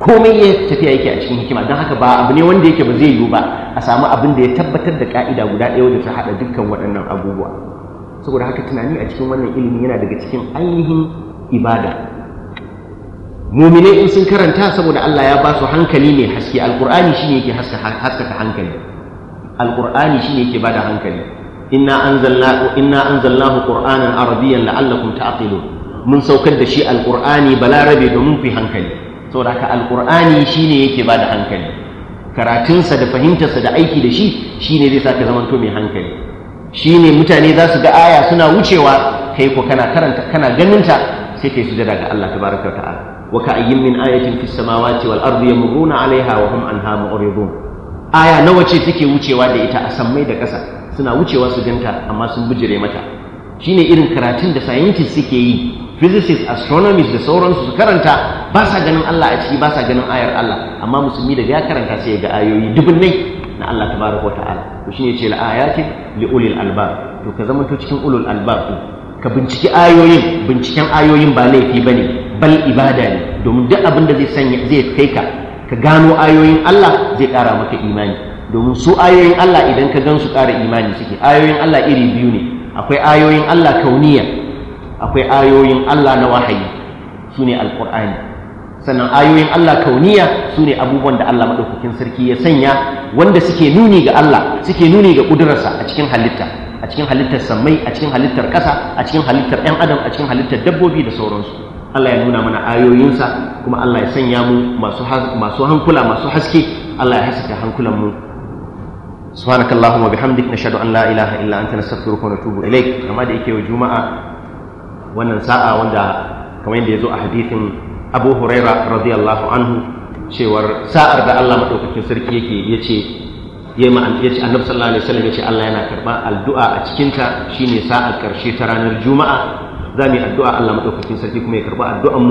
komai ya tafiya yake a cikin hikima don haka ba abu ne wanda yake ba zai yiwu ba a samu abin da ya tabbatar da ka'ida guda ɗaya wanda ta haɗa dukkan waɗannan abubuwa saboda haka tunani a cikin wannan ilimi yana daga cikin ainihin ibada mumine in sun karanta saboda Allah ya ba su hankali mai haske alqur'ani shine yake haskaka hankali alqur'ani shine yake bada hankali inna anzalna inna anzalnahu qur'anan arabiyyan la'allakum ta'qilun mun saukar da shi alqur'ani balarabe domin ku hankali saboda haka alqur'ani shine yake bada hankali karatunsa da fahimtarsa da aiki da shi shine zai saka zamanto mai hankali shine mutane za su ga aya suna wucewa kai ko kana karanta kana ganinta sai kai sujada ga Allah tabaraka ta'ala وكأي من آية في السماوات والأرض يمرون عليها وهم عنها معرضون آية نوچه تكي wucewa da ita a sammai da ƙasa suna wucewa su ganta amma sun bijire mata shine irin karatun da scientists suke yi physicists astronomers da sauransu su karanta ba sa ganin Allah a ciki ba sa ganin ayar Allah amma musulmi da ya karanta sai ga ayoyi dubunnai na Allah tabaraka wa ta'ala to shine ce la ayatin li ulil albab to ka zama to cikin ulul albab ka binciki ayoyin binciken ayoyin ba laifi bane bal ibada ne domin duk abin da zai sanya zai kai ka ka gano ayoyin Allah zai ƙara maka imani domin su ayoyin Allah idan ka gansu ƙara imani suke ayoyin Allah iri biyu ne akwai ayoyin Allah kauniya akwai ayoyin Allah na wahayi su ne alƙur'ani sannan ayoyin Allah kauniya su ne abubuwan da Allah maɗaukakin sarki ya sanya wanda suke nuni ga Allah suke nuni ga ƙudurarsa a cikin halitta a cikin halittar sammai a cikin halittar ƙasa a cikin halittar ƴan adam a cikin halittar dabbobi da sauransu Allah ya nuna mana ayoyinsa kuma Allah ya sanya mu masu hankula masu haske Allah ya haske hankulan mu subhanakallahumma bihamdik nashhadu an la ilaha illa anta nastaghfiruka wa natubu ilaik da yake juma'a wannan sa'a wanda kamar yadda yazo a hadisin Abu Huraira radiyallahu anhu cewar sa'ar da Allah madaukakin sarki yake yace an yace Annabi sallallahu alaihi wasallam yace Allah yana karba addu'a a cikin ta shine sa'ar karshe ta ranar juma'a za mu yi addu'a Allah maɗaukakin sarki kuma ya karɓi addu'an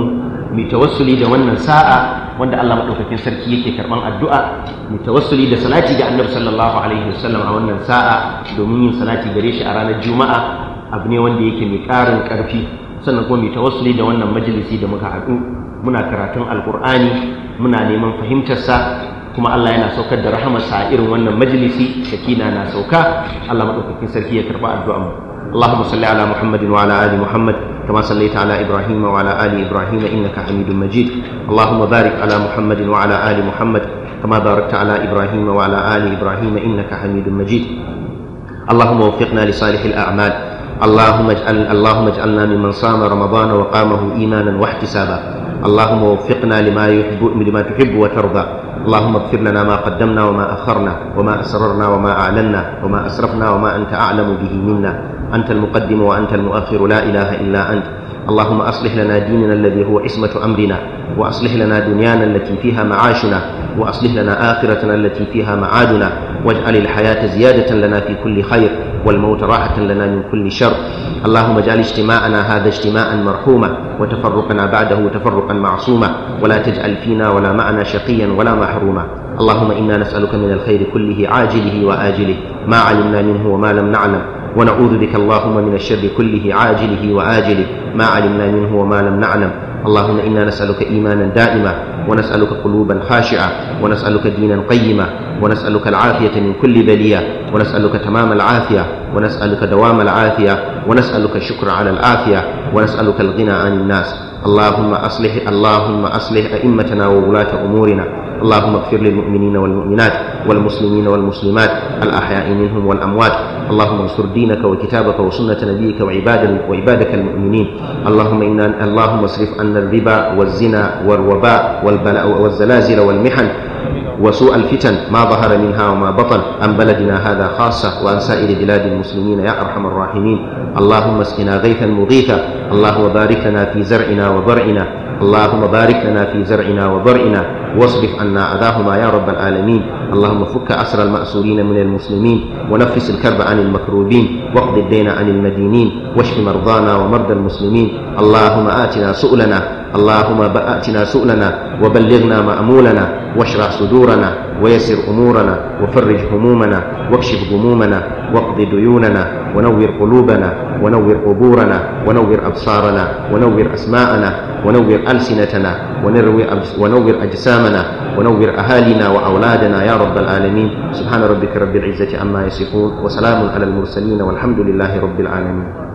mu tawassuli da wannan sa'a wanda Allah maɗaukakin sarki yake karɓan addu'a mai tawassuli da salati ga annabi sallallahu alaihi wasallam a wannan sa'a domin yin salati gare shi a ranar juma'a abu ne wanda yake mai ƙarin ƙarfi sannan kuma mu tawassuli da wannan majalisi da muka haɗu muna karatun alƙur'ani muna neman fahimtarsa kuma Allah yana saukar da rahamarsa a irin wannan majalisi sakina na sauka Allah maɗaukakin sarki ya karɓa addu'a mu اللهم صل على محمد وعلى ال محمد كما صليت على ابراهيم وعلى ال ابراهيم انك حميد مجيد اللهم بارك على محمد وعلى ال محمد كما باركت على ابراهيم وعلى ال ابراهيم انك حميد مجيد اللهم وفقنا لصالح الاعمال اللهم اجعل اللهم اجعلنا ممن صام رمضان وقامه ايمانا واحتسابا اللهم وفقنا لما يحب لما تحب وترضى اللهم اغفر لنا ما قدمنا وما اخرنا وما اسررنا وما اعلنا وما اسرفنا وما انت اعلم به منا أنت المقدم وأنت المؤخر لا إله إلا أنت اللهم أصلح لنا ديننا الذي هو عصمة أمرنا وأصلح لنا دنيانا التي فيها معاشنا وأصلح لنا آخرتنا التي فيها معادنا واجعل الحياة زيادة لنا في كل خير والموت راحة لنا من كل شر اللهم اجعل اجتماعنا هذا اجتماعا مرحوما وتفرقنا بعده تفرقا معصوما ولا تجعل فينا ولا معنا شقيا ولا محروما اللهم إنا نسألك من الخير كله عاجله وآجله ما علمنا منه وما لم نعلم ونعوذ بك اللهم من الشر كله عاجله وآجله ما علمنا منه وما لم نعلم اللهم إنا نسألك إيمانا دائما ونسألك قلوبا خاشعة ونسألك دينا قيما ونسألك العافية من كل بلية ونسألك تمام العافية ونسألك دوام العافية ونسألك الشكر على العافية ونسألك الغنى عن الناس اللهم أصلح اللهم أصلح أئمتنا وولاة أمورنا اللهم اغفر للمؤمنين والمؤمنات والمسلمين والمسلمات الأحياء منهم والأموات اللهم انصر دينك وكتابك وسنة نبيك وعباد وعبادك المؤمنين اللهم إنا اللهم اصرف عنا الربا والزنا والوباء والزلازل والمحن وسوء الفتن ما ظهر منها وما بطن عن بلدنا هذا خاصة وعن سائر بلاد المسلمين يا أرحم الراحمين اللهم اسقنا غيثا مغيثا اللهم بارك لنا في زرعنا وبرعنا اللهم بارك لنا في زرعنا وبرعنا واصرف عنا أذاهما يا رب العالمين اللهم فك أسر المأسورين من المسلمين ونفس الكرب عن المكروبين واقض الدين عن المدينين واشف مرضانا ومرضى المسلمين اللهم آتنا سؤلنا اللهم آتنا سؤلنا وبلغنا مأمولنا واشرح صدورنا ويسر أمورنا وفرج همومنا واكشف غمومنا واقض ديوننا ونور قلوبنا ونور قبورنا ونور أبصارنا ونور أسماءنا ونور ألسنتنا ونور أجسامنا ونور أهالينا وأولادنا يا رب العالمين سبحان ربك رب العزة عما يصفون وسلام على المرسلين والحمد لله رب العالمين